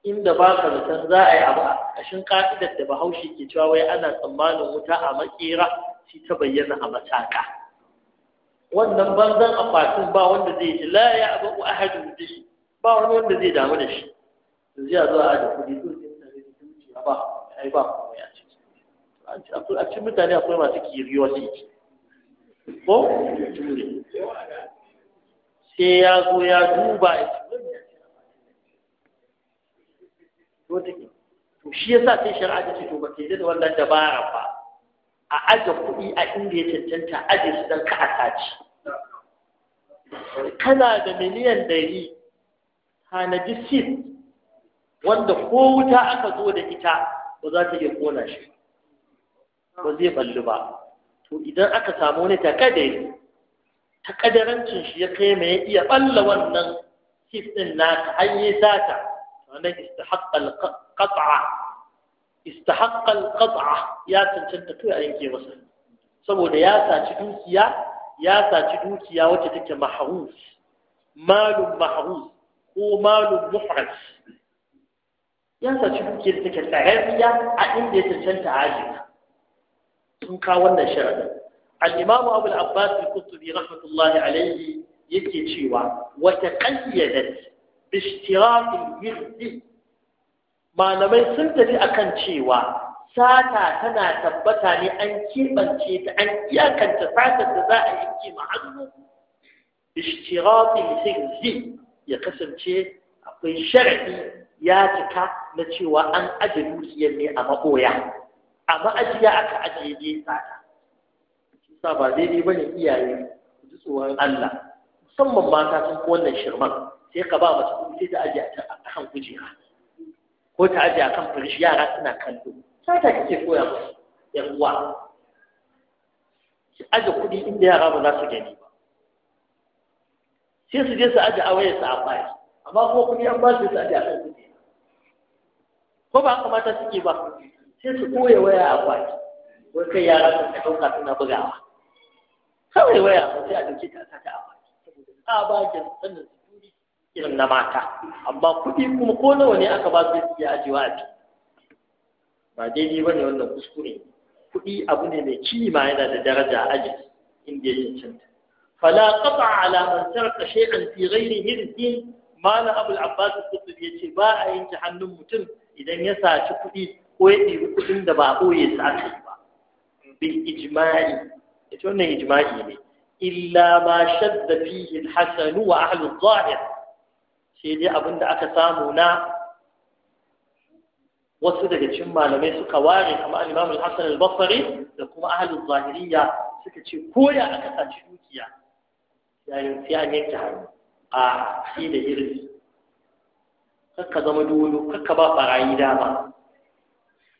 In inda ba ka zaton za a yi abu a ƙashin ka'idar da bahaushe ke cewa wai ana tsammanin wuta a makera shi ta bayyana a mataka wannan banzan akwatin ba wanda zai ji la ya abu ahadu shi ba wani wanda zai damu da shi zai zuwa a da kuɗi to a ta rage zuciya ba ai ba komai a cikin mutane akwai masu curiosity ko jure sai ya zo ya duba to shi ya sa sai shari'a ta ce to ba ta yi da wannan dabara ba a aje kuɗi a inda ya cancanta aje su dan ka a sace. kana da miliyan ɗari tanadi sit wanda ko wuta aka zo da ita ba za ta iya kona shi ba zai ballu ba to idan aka samu wani takadari takadarancin shi ya kai mai iya balla wannan sif din naka har yi sata wannan istihaqqal qat'a istihaqqal qat'a ya cancanta to a yanke masa saboda ya saci dukiya ya saci dukiya wacce take mahrus malum mahrus ko malum muhras ya saci dukiya take tsararriya a inda ya cancanta ajiya sun kawo wannan sharadin al-imamu abu al-abbas al-qutubi rahmatullahi alayhi yake cewa wa taqayyadat bi ishtirak al malamai sun tafi akan cewa sata tana tabbata ne an kibance ta an iyakanta sata da za a yanke ma hannu ishtirak al ya kasance akwai sharadi ya cika na cewa an aje dukiyar ne a maboya a ma'ajiya aka ajiye ne tsada sa ba daidai ba ne iyaye ku ji tsoron Allah musamman mata sun fi wannan shirman sai ka ba mace kuma sai ta ajiye a kan kujera ko ta ajiye a kan firish yara suna kallo ta kike koya musu yan uwa su aje kuɗi inda yara ba za su gani ba sai su je su aje awaye su a amma kuma kuɗi an ba su su aje a kan kujera ko ba haka mata suke ba sai su koya waya a kwaki wai kai yara sun ta ɗauka suna bugawa kawai waya ba sai a ɗauki ta ta a kwaki saboda tsabagen sanin suturi irin na mata amma kuɗi kuma ko nawa ne aka ba su iya ajiyewa a ciki ba daidai ba ne wannan kuskure kuɗi abu ne mai kima yana da daraja a aji inda ya cancanta فلا قطع على من سرق شيئا في غير هرسه ما لا ابو العباس ya yace ba a yanke hannun mutum idan ya saci kuɗi ko ya ɗibi kuɗin da ba a ɓoye su aka yi ba bil ijma'i ita wannan ijma'i ne illa ma shadda fihi al-hasan wa ahli adh-dhahir sai dai abinda aka samu na wasu daga cikin malamai suka ware kamar al-Imam al-Hasan al-Basri da kuma ahli adh-dhahiriyya suka ce koya aka saci dukiya yayin sai an yanke hannu a shi da irisi kakka zama dolo kakka ba farayi dama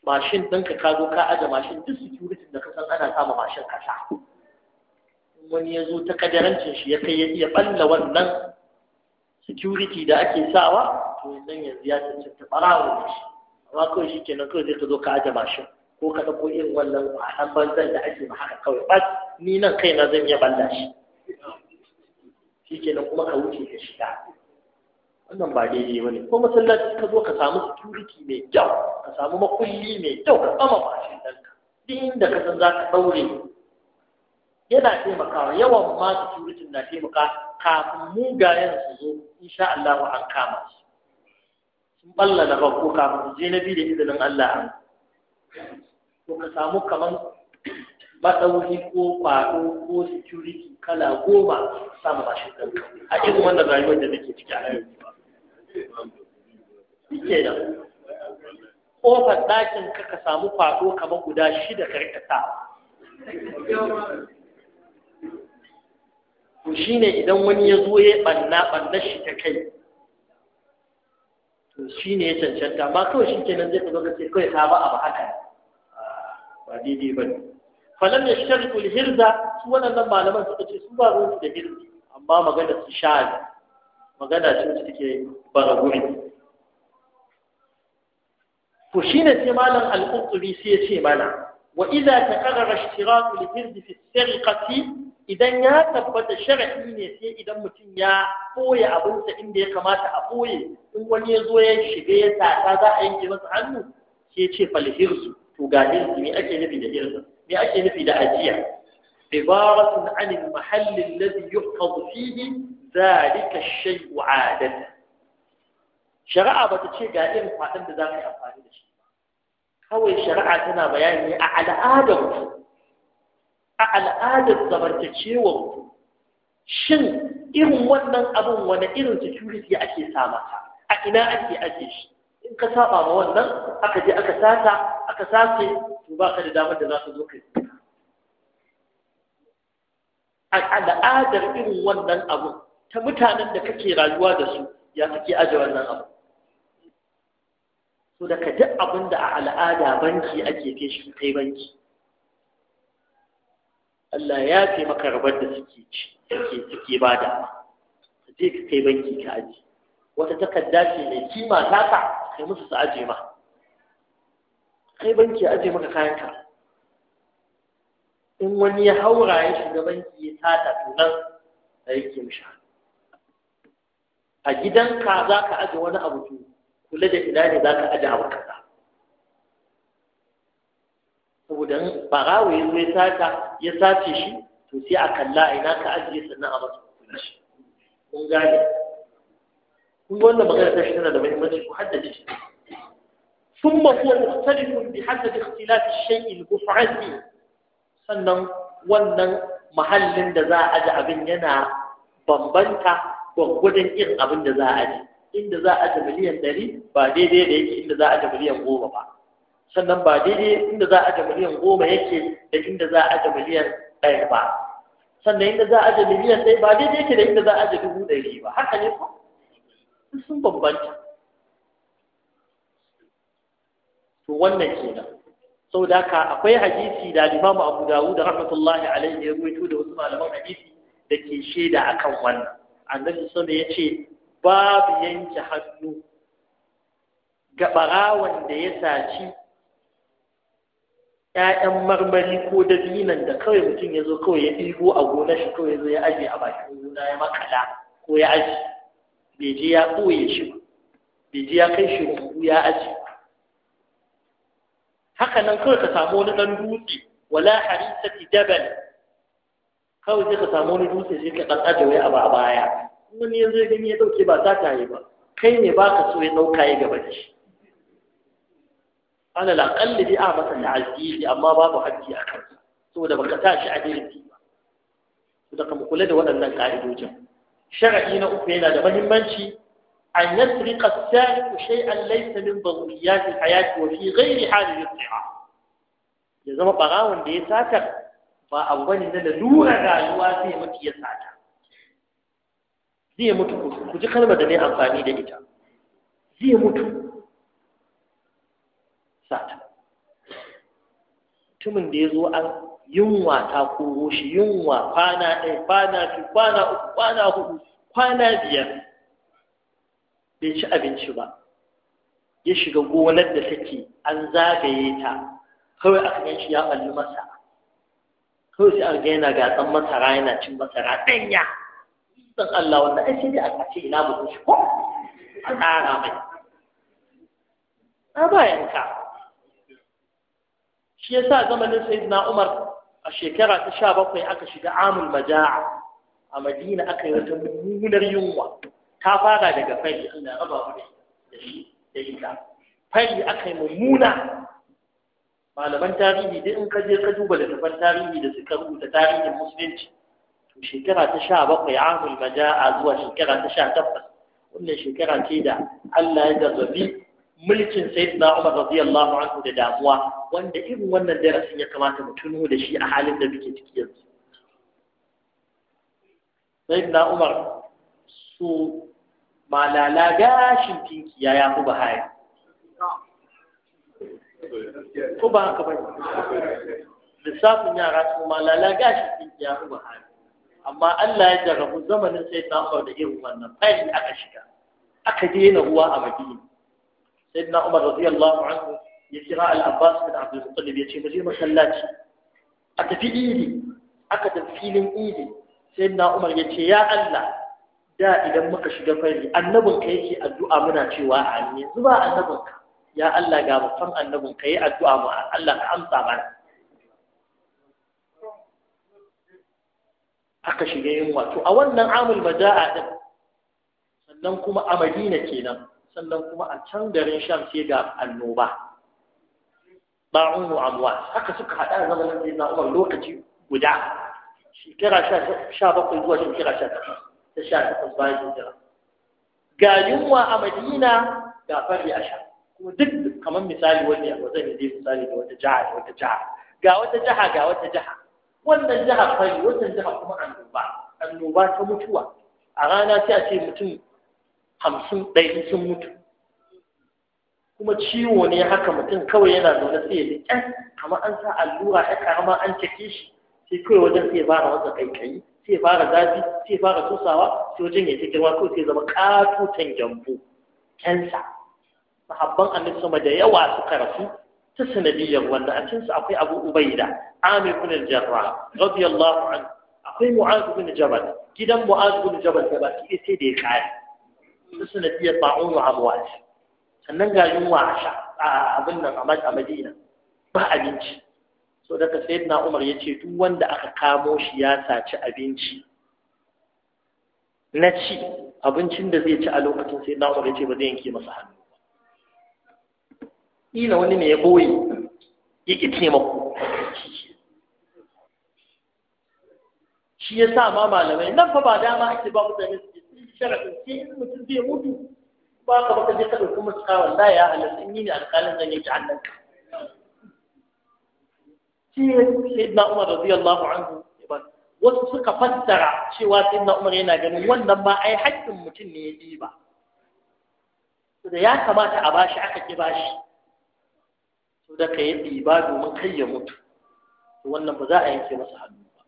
mashin ɗinka ka zo ka aje mashin duk security da ka san ana kama mashin kasa wani ya zo ta kadarancin shi ya kai ya iya balla wannan security da ake sawa to yanzu yanzu ya cancanta ɓarawo da shi amma kawai shi kenan kawai zai ka zo ka aje mashin ko ka ɗauko irin wannan kwanan banzan da ake ma haka kawai ba ni nan kaina zan iya balla shi shi kenan kuma ka wuce ka shiga wannan ba daidai ba ne ko masallaci ka zo ka samu security mai kyau ka samu makulli mai kyau ka tsama mashin ɗanka duk inda ka san za ka ɗaure yana taimakawa yawan ma security na taimaka kafin mugayen su zo insha Allah an kama su sun balla na ko kafin je na biyu da izinin Allah an to ka samu kaman matsauri ko kwaɗo ko security kala goma samu mashin ɗanka a irin wannan rayuwar da nake ciki a yanzu Ike da ƙofar ɗakin ka ka samu faɗo kamar guda shida ka sa. To shi ne idan wani ya zo ya ɓanna ɓanna shi ta kai. To shi ne ya cancanta, amma kawai shi ke nan zai ka zo kawai ka ba abu haka. Ba daidai ba ne. falam ya shirku hirza su waɗannan malaman suka ce su ba ruwan su da hirzi amma magana su sha'ani magana ce wacce take bara guri Kushina shine sai malam al-qurtubi sai ya ce mana wa idza taqarrara al-hird fi sariqati idan ya tabbata shar'i ne sai idan mutum ya boye sa inda ya kamata a boye in wani ya zo ya shiga ya tata za a yanke masa hannu sai ce falhirsu to ga hirsu me ake nufi da hirsu me ake nufi da ajiya ibaratun an al-mahall alladhi yuhfaz fihi zalika shay'u adatan shari'a bata ce ga irin fadin da za ka yi amfani da shi kawai shari'a tana bayani a al'adar a al'adar zamantakewar shin irin wannan abun wani irin security ake sa mata a ina ake ajiye shi in ka saba ma wannan aka je aka sata aka sace to ba ka da damar da za ka zo kai a al'adar irin wannan abun ta mutanen da kake rayuwa da su ya kake aje wannan abu so daga duk abin da a al'ada banki ake kai shi kai banki Allah ya fi maka rabar da suke ci suke suke bada je ka kai banki ka aji wata takarda ce mai kima ta ka kai musu su aje ma kai banki aje maka kayan ka in wani ya haura ya shiga banki ya tata to nan da yake mishi haka a gidanka za ka aje wani abu to kula da ina ne za ka aje abu kaza saboda in barawo ya zai sata ya sace shi to sai a kalla ina ka ajiye sannan a masa shi? kun gane kun wannan magana ta shi tana da muhimmanci ku haddace shi ثم هو مختلف بحسب اختلاف الشيء المفعل sannan wannan muhallin da za a ji abin yana bambanta gwaggwadon irin abin da za a ji inda za a ji miliyan ɗari ba daidai da yake inda za a ji miliyan goma ba sannan ba daidai inda za a ji miliyan goma yake da inda za a ji miliyan ɗaya ba sannan inda za a ji miliyan ɗaya ba daidai yake da inda za a ji dubu ɗari ba haka ne ko sun bambanta to wannan kenan saboda haka akwai hadisi da Imam Abu Dawud rahmatullahi alaihi ya ruwaito da wasu malaman hadisi da ke shaida akan wannan annabi sallallahu ya ce babu yanke hannu ga barawan da ya saci ƴaƴan marmari ko dabinan da kawai mutum ya zo kawai ya ɗigo a gonar shi kawai zo ya aje a bakin gona ya makala ko ya aje bai je ya ɓoye shi ba bai je ya kai shi rubu ya aje haka nan kawai ka samu wani ɗan dutse wala harisa dabal. kawai sai ka samu wani dutse sai ka ɗan ajiye abu a baya wani yanzu ya gani ya ɗauke ba za ta yi ba kai ne ba ka so ya ɗauka ya gaba da shi ana laƙalli dai a masa amma babu haƙƙi a kansa saboda baka ta shi a daidai ba to da kuma kula da waɗannan ƙa'idojin shar'i na uku yana da muhimmanci an yasriqa as-sariqu shay'an laysa min daruriyat al wa fi ghairi hal al ya zama barawon da ya satar ba abu bane na lura rayuwa zai mutu ya sata zai mutu ku ji kalmar da ne amfani da ita zai mutu sata mutumin da ya zo an yunwa ta koro shi yunwa kwana ɗaya kwana biyu kwana uku kwana hudu kwana biyar bai ci abinci ba ya shiga gonar da take an zagaye ta kawai aka gan shi ya ɓalli masa kawai sai an ga yana gatsan masara yana cin masara ɗanya don Allah wanda ai sai dai a kace ina mutum shi ko a tsara mai na ba yanka shi yasa zamanin sayyidina Umar a shekara ta sha bakwai aka shiga amul maja'a a Madina aka yi wata mummunar yunwa ta fara daga fari Allah ya raba mu da shi da ita fari aka yi mummuna malaman tarihi duk in ka je ka duba littafan tarihi da suka rubuta tarihin musulunci to shekara ta sha bakwai amul maja'a zuwa shekara ta sha takwas wannan shekara ce da Allah ya zazzabi mulkin sayyidina Umar radiyallahu anhu da damuwa wanda irin wannan darasin ya kamata mu tuno da shi a halin da muke ciki yanzu sayyidina Umar su malala gashin tinkiya ya fi bahari ko ba ka ba lissafin yara su ma lalaga shi sun ya fi bahari amma Allah ya jarrabu zamanin sai na da irin wannan fayin aka shiga aka daina ruwa a madina sai na umar radiyallahu anhu ya kira al-abbas bin abdul muttalib ya ce mu je masallaci a tafi idi aka tafi filin idi sai na umar ya ce ya Allah da idan muka shiga fari annabinka yake addu'a muna cewa amin yanzu ba annabinka ya Allah ga babban annabin ka yi addu'a mu Allah ka amsa mana aka shiga yin wato a wannan amul maja'a din sannan kuma a Madina kenan sannan kuma a can garin Sham sai ga annoba ba'unu amuwa. haka suka hada da zamanin Sayyidina Umar lokaci guda shekara sha bakwai zuwa shekara sha ta 18 bayan hijira ga yunwa a Madina ga fari a sha. duk kamar misali wani abu zan yi misali da wata jiha da wata jiha ga wata jiha ga wata jiha wannan jiha fari wannan jiha kuma annoba annoba ta mutuwa a rana sai a ce mutum hamsin ɗari sun mutu kuma ciwo ne haka mutum kawai yana zaune sai ya liƙe kamar an sa allura ya karama an cike shi sai kawai wajen sai ya fara wasa kaikayi sai ya fara zafi sai ya fara tusawa sai wajen ya ta girma kawai sai ya zama katutan gyambo kansa sahabban annabi sama da yawa suka rasu ta sanadiyar wanda a cinsu akwai abu ubaida amir bin jarra radiyallahu an akwai mu'az bin jabal gidan mu'az bin jabal da baki sai da ya kare ta sanadiyar ba'un wa amwat sannan ga yunwa a sha a abin nan a madina ba abinci so daga sayyidina umar ya ce duk wanda aka kamo shi ya saci abinci na ci abincin da zai ci a lokacin sayyidina umar ya ce ba zai yanke masa hannu ƙila wani ne ya boye ya ƙi taimako shi ya sa ma malamai nan fa ba dama ake ba mutane su ji sharafin sai in mutum zai mutu ba ka baka je ka kuma musu kawon da ya halatta in yi ne alƙalin zan yi ta hannun ka shi sayyidina umar da radiyallahu anhu wasu suka fassara cewa sayyidina umar yana ganin wannan ma ai haƙƙin mutum ne ya ji ba da ya kamata a bashi aka ki bashi da ka yi ɗiba domin kai ya mutu wannan ba za a yanke masa hannu ba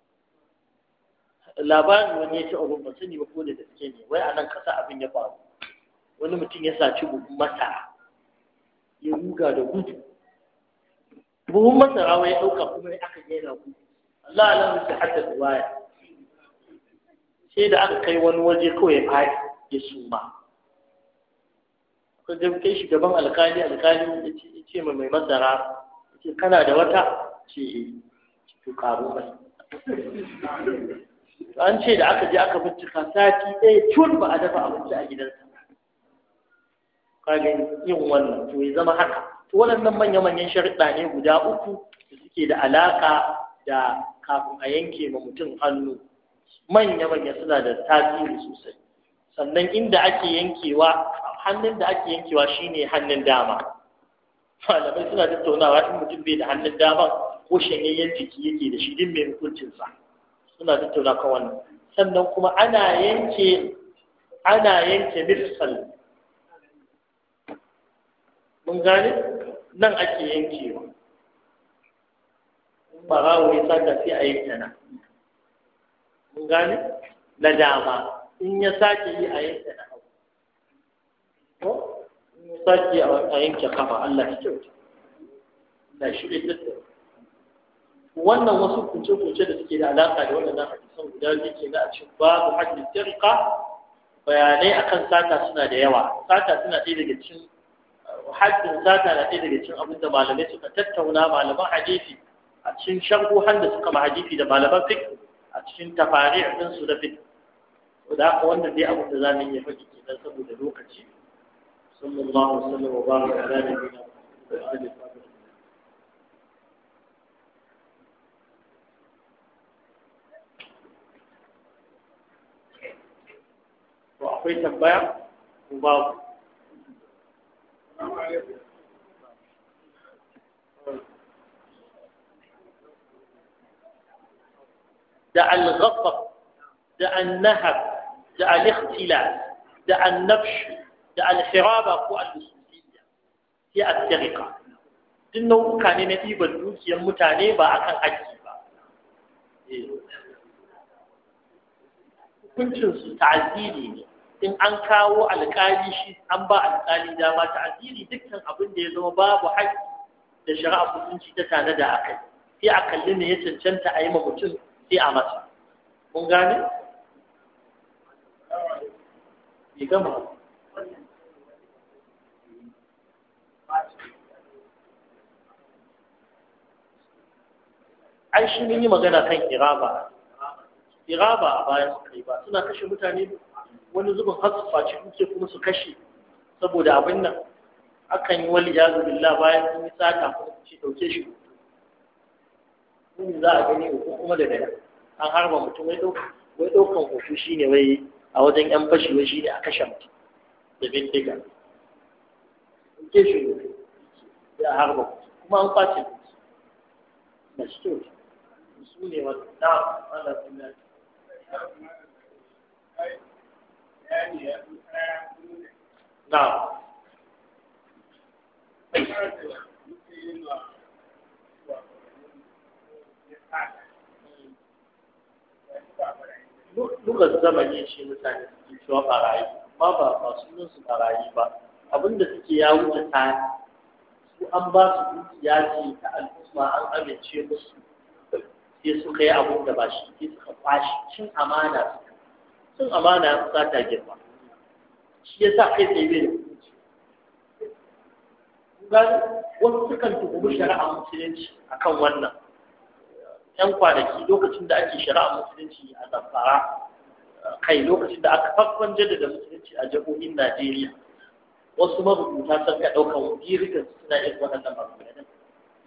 labarin wani ya ci abin ba sani ba ko da gaske ne wai a nan kasa abin ya faru wani mutum ya saci buhun masara ya ruga da gudu buhun masara wai ya ɗauka kuma ya aka yana gudu Allah alam da haddasa waya sai da aka kai wani waje kawai ya fadi ya suma ka kai shi gaban alkali alkali ya ce ma mai masara ce kana da wata ce to karo mai an ce da aka je aka bincika sati ɗaya tun ba a dafa abinci a gidansa kaga yin wannan to ya zama haka to waɗannan manya-manyan sharuɗa ne guda uku da suke da alaka da kafin a yanke ma mutum hannu manya-manya suna da tasiri sosai sannan inda ake yankewa hannun da ake yankewa shine hannun dama malamai suna tattaunawa in mutum bai da hannun dama ko shanyayyen jiki yake da shi din mai hukuncinsa suna tattauna kan wannan sannan kuma ana yanke ana yanke mifsal mun gane nan ake yankewa ba ba wuri ya sai a yanke nan mun gane na dama in ya sake yi a yanke nan ko sake a yanke kafa Allah ya kyauta da shi da wannan wasu kunce-kunce da suke da alaƙa da wannan hadisan guda biyu ke da a cikin babu hadisin sirqa bayanai akan sata suna da yawa sata suna ɗaya daga cikin haddin sata na ɗaya daga cikin abin da malamai suka tattauna malaman hadisi a cikin sharhuhan da suka ma da malaman fik a cikin tafari a su da fiqh da haka wannan dai abin da za mu iya faɗi kenan saboda lokaci الله وسلم وبارك على نبينا محمد akwai tambaya ko دع الغضب دع النهب دع الاختلاف دع النبش da al-hiraba ko al-lusutiyya sai at-tariqa duk nau'uka ne na ɗiban dukiyar mutane ba akan haƙƙi ba eh. hukuncinsu ta'aziri ne in an kawo alƙali shi an ba alƙali dama ta'aziri dukkan abin da ya zama babu haƙƙi da shari'a mutunci ta tana da akai sai a kalli ne ya cancanta a yi ma mutum sai a masa kun gane? Bai gama an shi mun yi magana kan iraba iraba a bayan su kai ba suna kashe mutane wani zubin har su faci duke kuma su kashe saboda abin nan akan yi wali yazu billah bayan sun yi sata kuma su ce dauke shi mun za a gani ko kuma da dare an harba mutum wai dauka wai daukan hoto shine wai a wajen yan fashi wai shine a kashe mutum da bindiga dauke shi ya harba kuma an kwace masu shi su ne wasu na Allah sun lafi na Lugar zamani shi mutane suke cewa barayi, ba ba ba sunan su barayi ba, abinda suke ya wuce ta su an ba su dukiya ce ta al'umma an amince musu sai suka yi abun da ba shi sai suka kwashi cin amana cin amana za ta girma shi ya sa kai tsaye da gani wasu sukan tuhumi shari'a musulunci a kan wannan yan kwanaki lokacin da ake shari'a musulunci a zamfara kai lokacin da aka farkon jaddada musulunci a jihohin najeriya wasu marubuta sun ka ɗaukar girgin suna yin waɗannan marubutan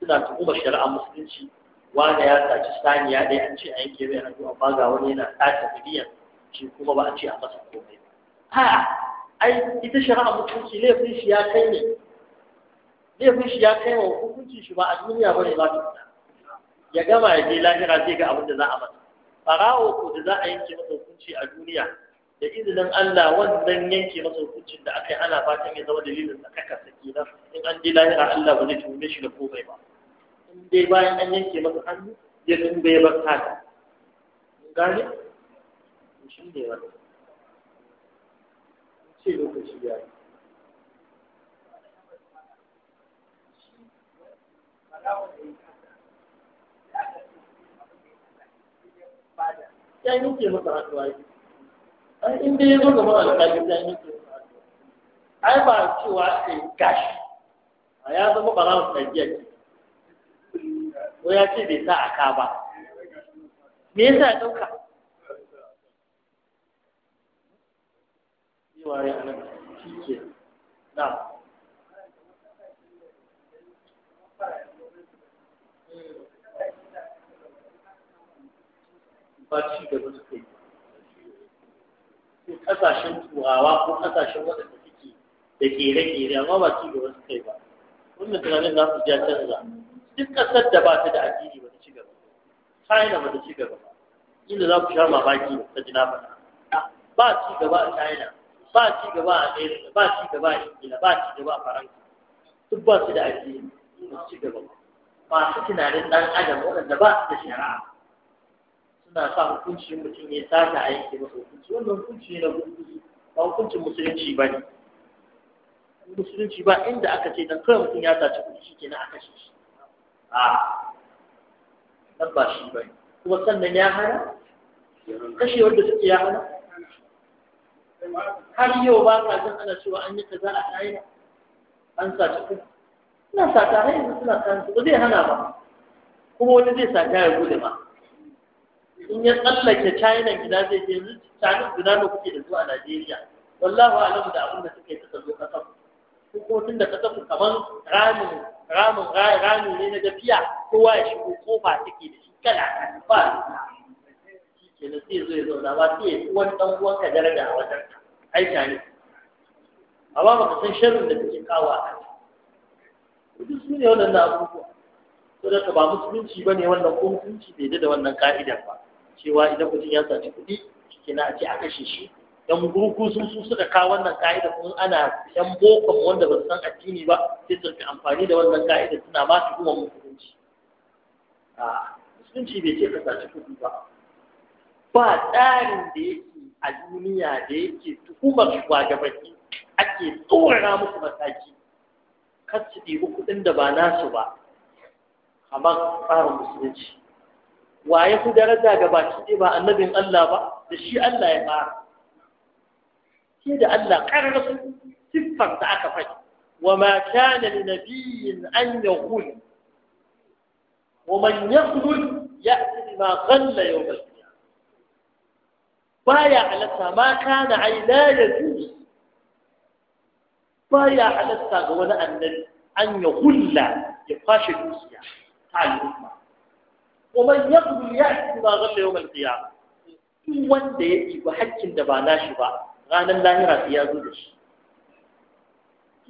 suna tuhumar shari'a musulunci wanda ya saci saniya dai an ce a yanke mai hannu amma ga wani yana sace miliyan shi kuma ba a ce a masa komai ba ai ita shari'a mutunci laifin shi ya kai ne laifin shi ya kai wa hukunci shi ba a duniya bane ba ta fita ya gama ya je lahira zai ga abin da za a masa farawo ko da za a yanke masa hukunci a duniya da izinin Allah wannan yanke masa hukuncin da aka yi ana fatan ya zama dalilin da kaka saki na in an je lahira Allah ba zai tuhume shi da komai ba in bayan an yanke masa hannu ya tunga ya bar kata gane shi ne wani ce lokaci ya yi ya yi nuke masa hannu ai an inda ya zo gaban alƙalin ya yi nuke masa hannu ai ba cewa aka yi gashi a ya zama ba ɓarawar tsagiya ce ko ya ce bai sa a ka ba me yasa ya ɗauka waye a nan shi ke na ba ci gaba su kai ko ƙasashen turawa ko ƙasashen waɗanda suke da ƙere-ƙere amma ba ci gaba su kai ba wannan tunanin za su ja canza duk ƙasar da ba ta da addini ba ta ci gaba china ba ta ci gaba inda za ku sha mamaki ta ji na faɗa ba ci gaba a china ba ci gaba a america ba ci gaba a ingila ba ci gaba a faransa duk ba su da addini ba su ci gaba masu tunanin ɗan adam waɗanda ba su da shari'a suna sa hukunci mutum ya sata a yanke masa hukunci wannan hukunci na hukunci ba hukuncin musulunci ba ne musulunci ba inda aka ce dan kawai mutum ya saci kuɗi shi kenan a kashe shi a ah. nan ba shi ba kuma sannan ya hana Kashe wanda suke ya hana har yau ba ka jin ana cewa an yi ta za a tsaye an sa sace kuma. suna sata har yanzu suna kan su ba zai hana ba kuma wani zai sata ya gudu ba. in ya tsallake china gida zai je yanzu china guda da kuke da zuwa najeriya wallahu alam da abin da suke ta zo kasar ko kuma tun da kasar kamar ramin ramin rami ne na tafiya kowa ya shigo kofa take da shi kana kala ba shi ke na sai zo da zauna ba sai ya uwan wani ɗan ka daraja a wajen ai aisha ne amma baka san sharrin da take kawo a kan duk su ne waɗannan abubuwa to da ba musulunci ba ne wannan ko musulunci bai da wannan ka'idar ba cewa idan mutum ya saci kuɗi shi a ce a kashe shi yan gurgu sun su suka kawo wannan ka'ida kuma ana yan bokon wanda ba san addini ba sai su fi amfani da wannan ka'ida suna ma su kuma musulunci a musulunci bai ce ka sace kuɗi ba ba tsarin da yake a duniya da yake tuhumar shugabanni ake tsorara musu mataki kar su ɗebi kuɗin da ba nasu ba kamar tsarin musulunci wa ya fi daraja ga baki ɗaya ba annabin Allah ba da shi Allah ya fara سيد الله قال الرسول سفر تعقفت وما كان لنبي أن يغل ومن يغل يأتي بما غل يوم القيامة بايا على ما كان عينا يجوز بايا على ثغونا أن أن يغل يقاش الوسيا يعني. تعالي الأمة ومن يغل يأتي بما غل يوم القيامة وانده يبحكي دبانا شبا ranar lahira sai ya zo da shi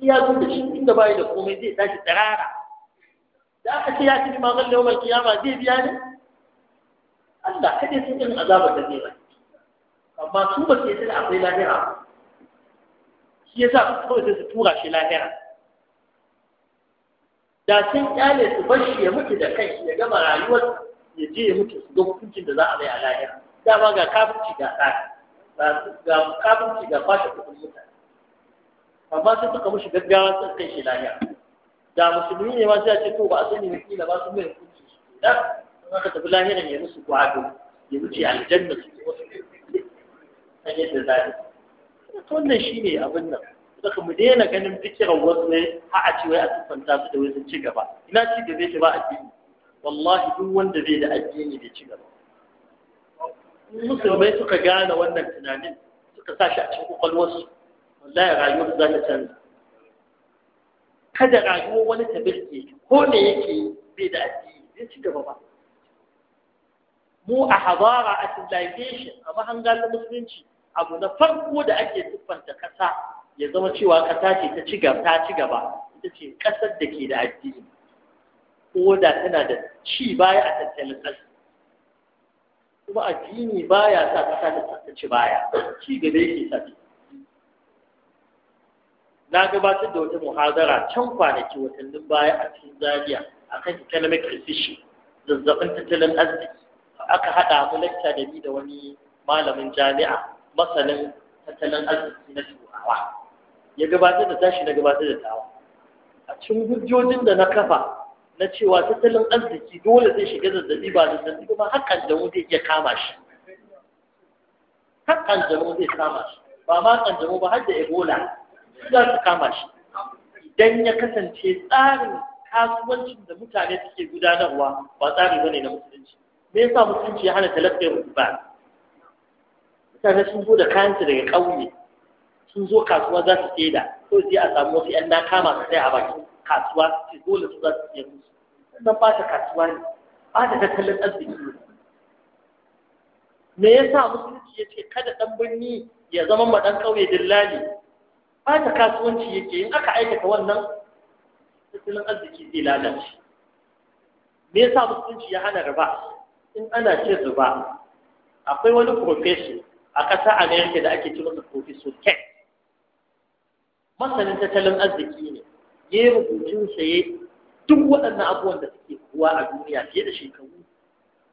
sai ya zo da shi inda bayi da komai zai tashi tsirara da aka ce ya ci bi magan lewar kiyama zai biya ne Allah kaɗai sun yin azabar da zai bai amma su ba su yi akwai lahira shi ya sa kawai sai su tura shi lahira da sun kyale su bar shi ya mutu da kai ya gama rayuwarsa ya je ya mutu su ga hukuncin da za a bai a lahira dama ga shi ga tsari ga mukamanci ga kwashe kuɗin mutane amma sai suka mushi gaggawa sun kai shi lahiya da musulmi ne ma sai a ce to ba a sani ne kila ba su mai hukunci su da sun aka tafi lahiran ya musu gwado ya wuce aljanna su ko su san yadda zaɓi wannan shi ne abin nan saka mu daina ganin fikirar wasu ne har a ce wai a siffanta su da wai sun ci gaba ina ci gaba yake ba addini wallahi duk wanda bai da addini bai ci gaba musulmai suka gane wannan tunanin suka sa shi a cikin kwakwalwarsu wallahi rayuwar za ta canza kada rayuwar wani ta birke ko ne yake bai da addini zai ci gaba ba mu a habara a civilization a mahangar musulunci abu na farko da ake siffanta kasa ya zama cewa kasa ce ta ci gaba ita ce kasar da ke da addini ko da tana da ci baya a tattalin ƙasa kuma addini baya sa kasa ta ci baya ci gaba yake sa na gabatar da wata muhazara can kwanaki watannin baya a cikin a kan economic recession zazzabin tattalin arziki aka haɗa mu lecture da ni da wani malamin jami'a masanin tattalin arziki na turawa ya gabatar da tashi na gabatar da tawa a cikin hujjojin da na kafa na cewa tattalin arziki dole zai shiga zazzabi ba zazzabi kuma hakan da zai iya kama shi hakan da zai kama shi ba ma kanjamu ba har da ebola za su kama shi idan ya kasance tsarin kasuwancin da mutane suke gudanarwa ba tsari bane na musulunci me yasa musulunci ya hana talafiyar ba? mutane sun zo da kayansu daga ƙauye sun zo kasuwa za su saida ko sai a samu wasu 'yan na kama su sai a baki kasuwa suke dole su za su iya musu wannan ba ta kasuwa ne ba ta tattalin arziki ne me yasa musulunci ya ce kada ɗan birni ya zama ma ɗan ƙauye dillali ba ta kasuwanci yake in aka aikata wannan tattalin arziki zai lalace me yasa musulunci ya hana riba in ana ce riba akwai wani profesor a ƙasa america da ake ce masa professor ken masanin tattalin arziki ne ya yi rubutun saye duk waɗannan abubuwan da suke kuwa a duniya fiye da shekaru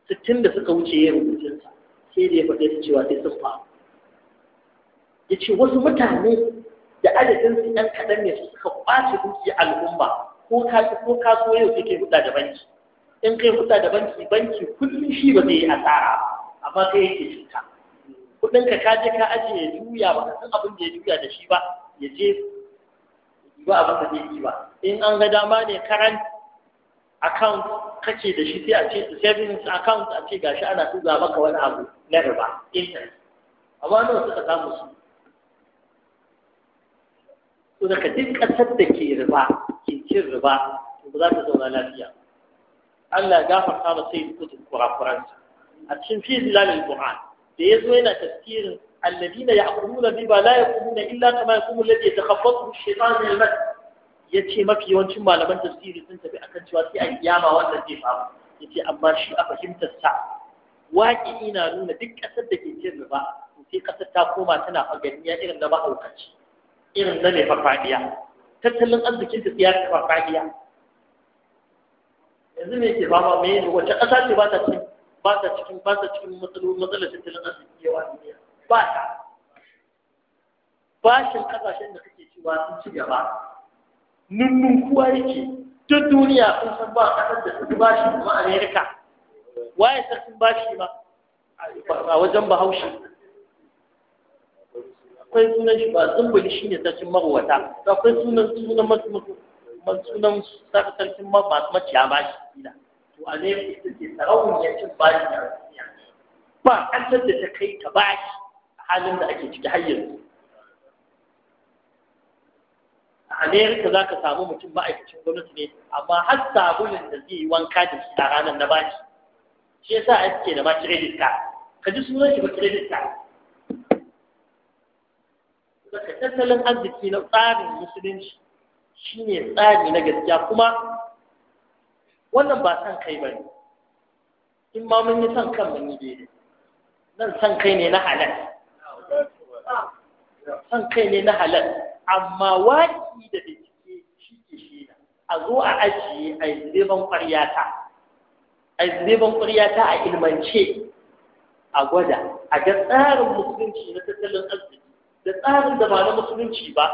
sittin da suka wuce ya rubutunsa sai da ya faɗe su cewa sai sun faru ya ce wasu mutane da adadin su ɗan kaɗan ne su suka ƙwace dukiya al'umma ko kasu ko yau kai da banki in kai huɗa da banki banki kullum shi ba zai yi asara amma kai yake cuta kuɗinka ka je ka ajiye ya juya ba ka san abin da ya juya da shi ba ya je ba a masa daidai ba in an ga dama ne karan account kake da shi sai a ce savings account a ce gashi ana tuga maka wani abu na riba interest amma nawa suka samu su to daga duk ƙasar da ke riba ke cin riba ba za ta zauna lafiya Allah ya gafarta masa sai kudin kurakuransa a cikin fi zilalil Qur'an da ya zo yana tafsirin الذين يأكلون الربا لا يقومون إلا كما يقوم الذي يتخبطه الشيطان من المس yace mafi yawancin malaman tafsiri sun tafi akan cewa sai a kiyama wannan zai faru yace amma shi a fahimtar sa waƙi ina nuna duk ƙasar da ke cin riba to sai ƙasar ta koma tana faganiya irin na mahaukaci irin na mai farfadiya tattalin arzikin ta tsiyar farfadiya yanzu me ke fama me ne wace ƙasa ce ba ta cikin ba ta cikin ba ta cikin matsalolin matsalar tattalin arziki yawa duniya ba ta bashin kasashen da kake cewa sun ci gaba nunnun kuwa yake ta duniya sun san ba kasar da suka bashi kuma amerika waye sarkin bashi ba a wajen bahaushe akwai sunan shi ba zumbuli shi ne sarkin marwata akwai sunan sunan masu sunan sarkin masu maciya shi gida to a ne ita ce sarauniyar cin bashi na ba kasar da ta kai ta bashi halin da ake ciki hayyar a amerika za ka samu mutum ma'aikacin gwamnati ne amma har sabulin da zai yi wanka da shi a ranar na baki, shi sa ake da ma credit card ka ji sunan shi ba credit card daga tattalin arziki na tsarin musulunci shine tsari na gaskiya kuma wannan ba san kai ba ne in ma mun yi san kan mun yi daidai nan san kai ne na halal san kai ne na halal amma waki da bincike shi ke shi a zo a ajiye a zirban ƙwaryata a zirban ƙwaryata a ilmance a gwada a ga tsarin musulunci na tattalin arziki da tsarin da ba na musulunci ba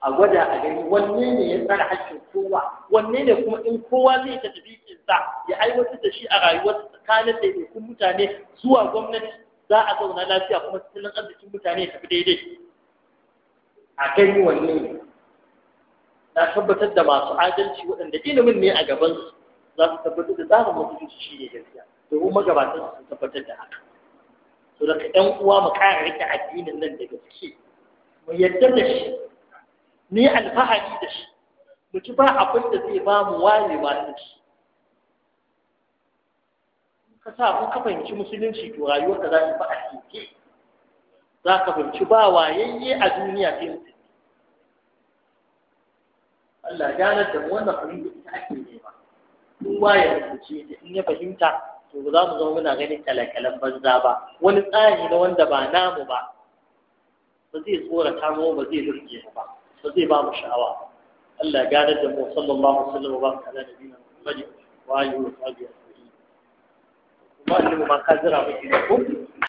a gwada a gani wanne ne ya tsara hakkin kowa wanne ne kuma in kowa zai ta tafi sa ya aiwatar da shi a rayuwar tsakanin ɗaiɗaikun mutane zuwa gwamnati za a zauna lafiya kuma tattalin arzikin mutane tafi daidai a gani wanne ne na tabbatar da masu adalci waɗanda ilimin ne a gaban su za su tabbatar da tsarin mutunci shi ne gaskiya domin magabatan su tabbatar da haka to daga ɗan uwa mu ƙara rike addinin nan da gaske mu yarda da shi ni alfahari da shi mu ci ba abin da zai ba mu ba da shi ka sa ku ka fahimci musulunci to rayuwarka za ta fi asike za ka fahimci ba wayayye a duniya sai musulmi Allah ya ganar da wannan fahimta ita ake nema kowa ya fahimci ta in ya fahimta to ba za mu zama muna ganin kalakalan banza ba wani tsari na wanda ba namu ba ba zai tsorata mu ba zai rike mu ba ba zai ba mu sha'awa Allah ya ganar da mu sallallahu alaihi wa sallam wa baraka ala nabiyina Muhammad wa alihi wa sahbihi wa'annan ma ka zira miki ne ko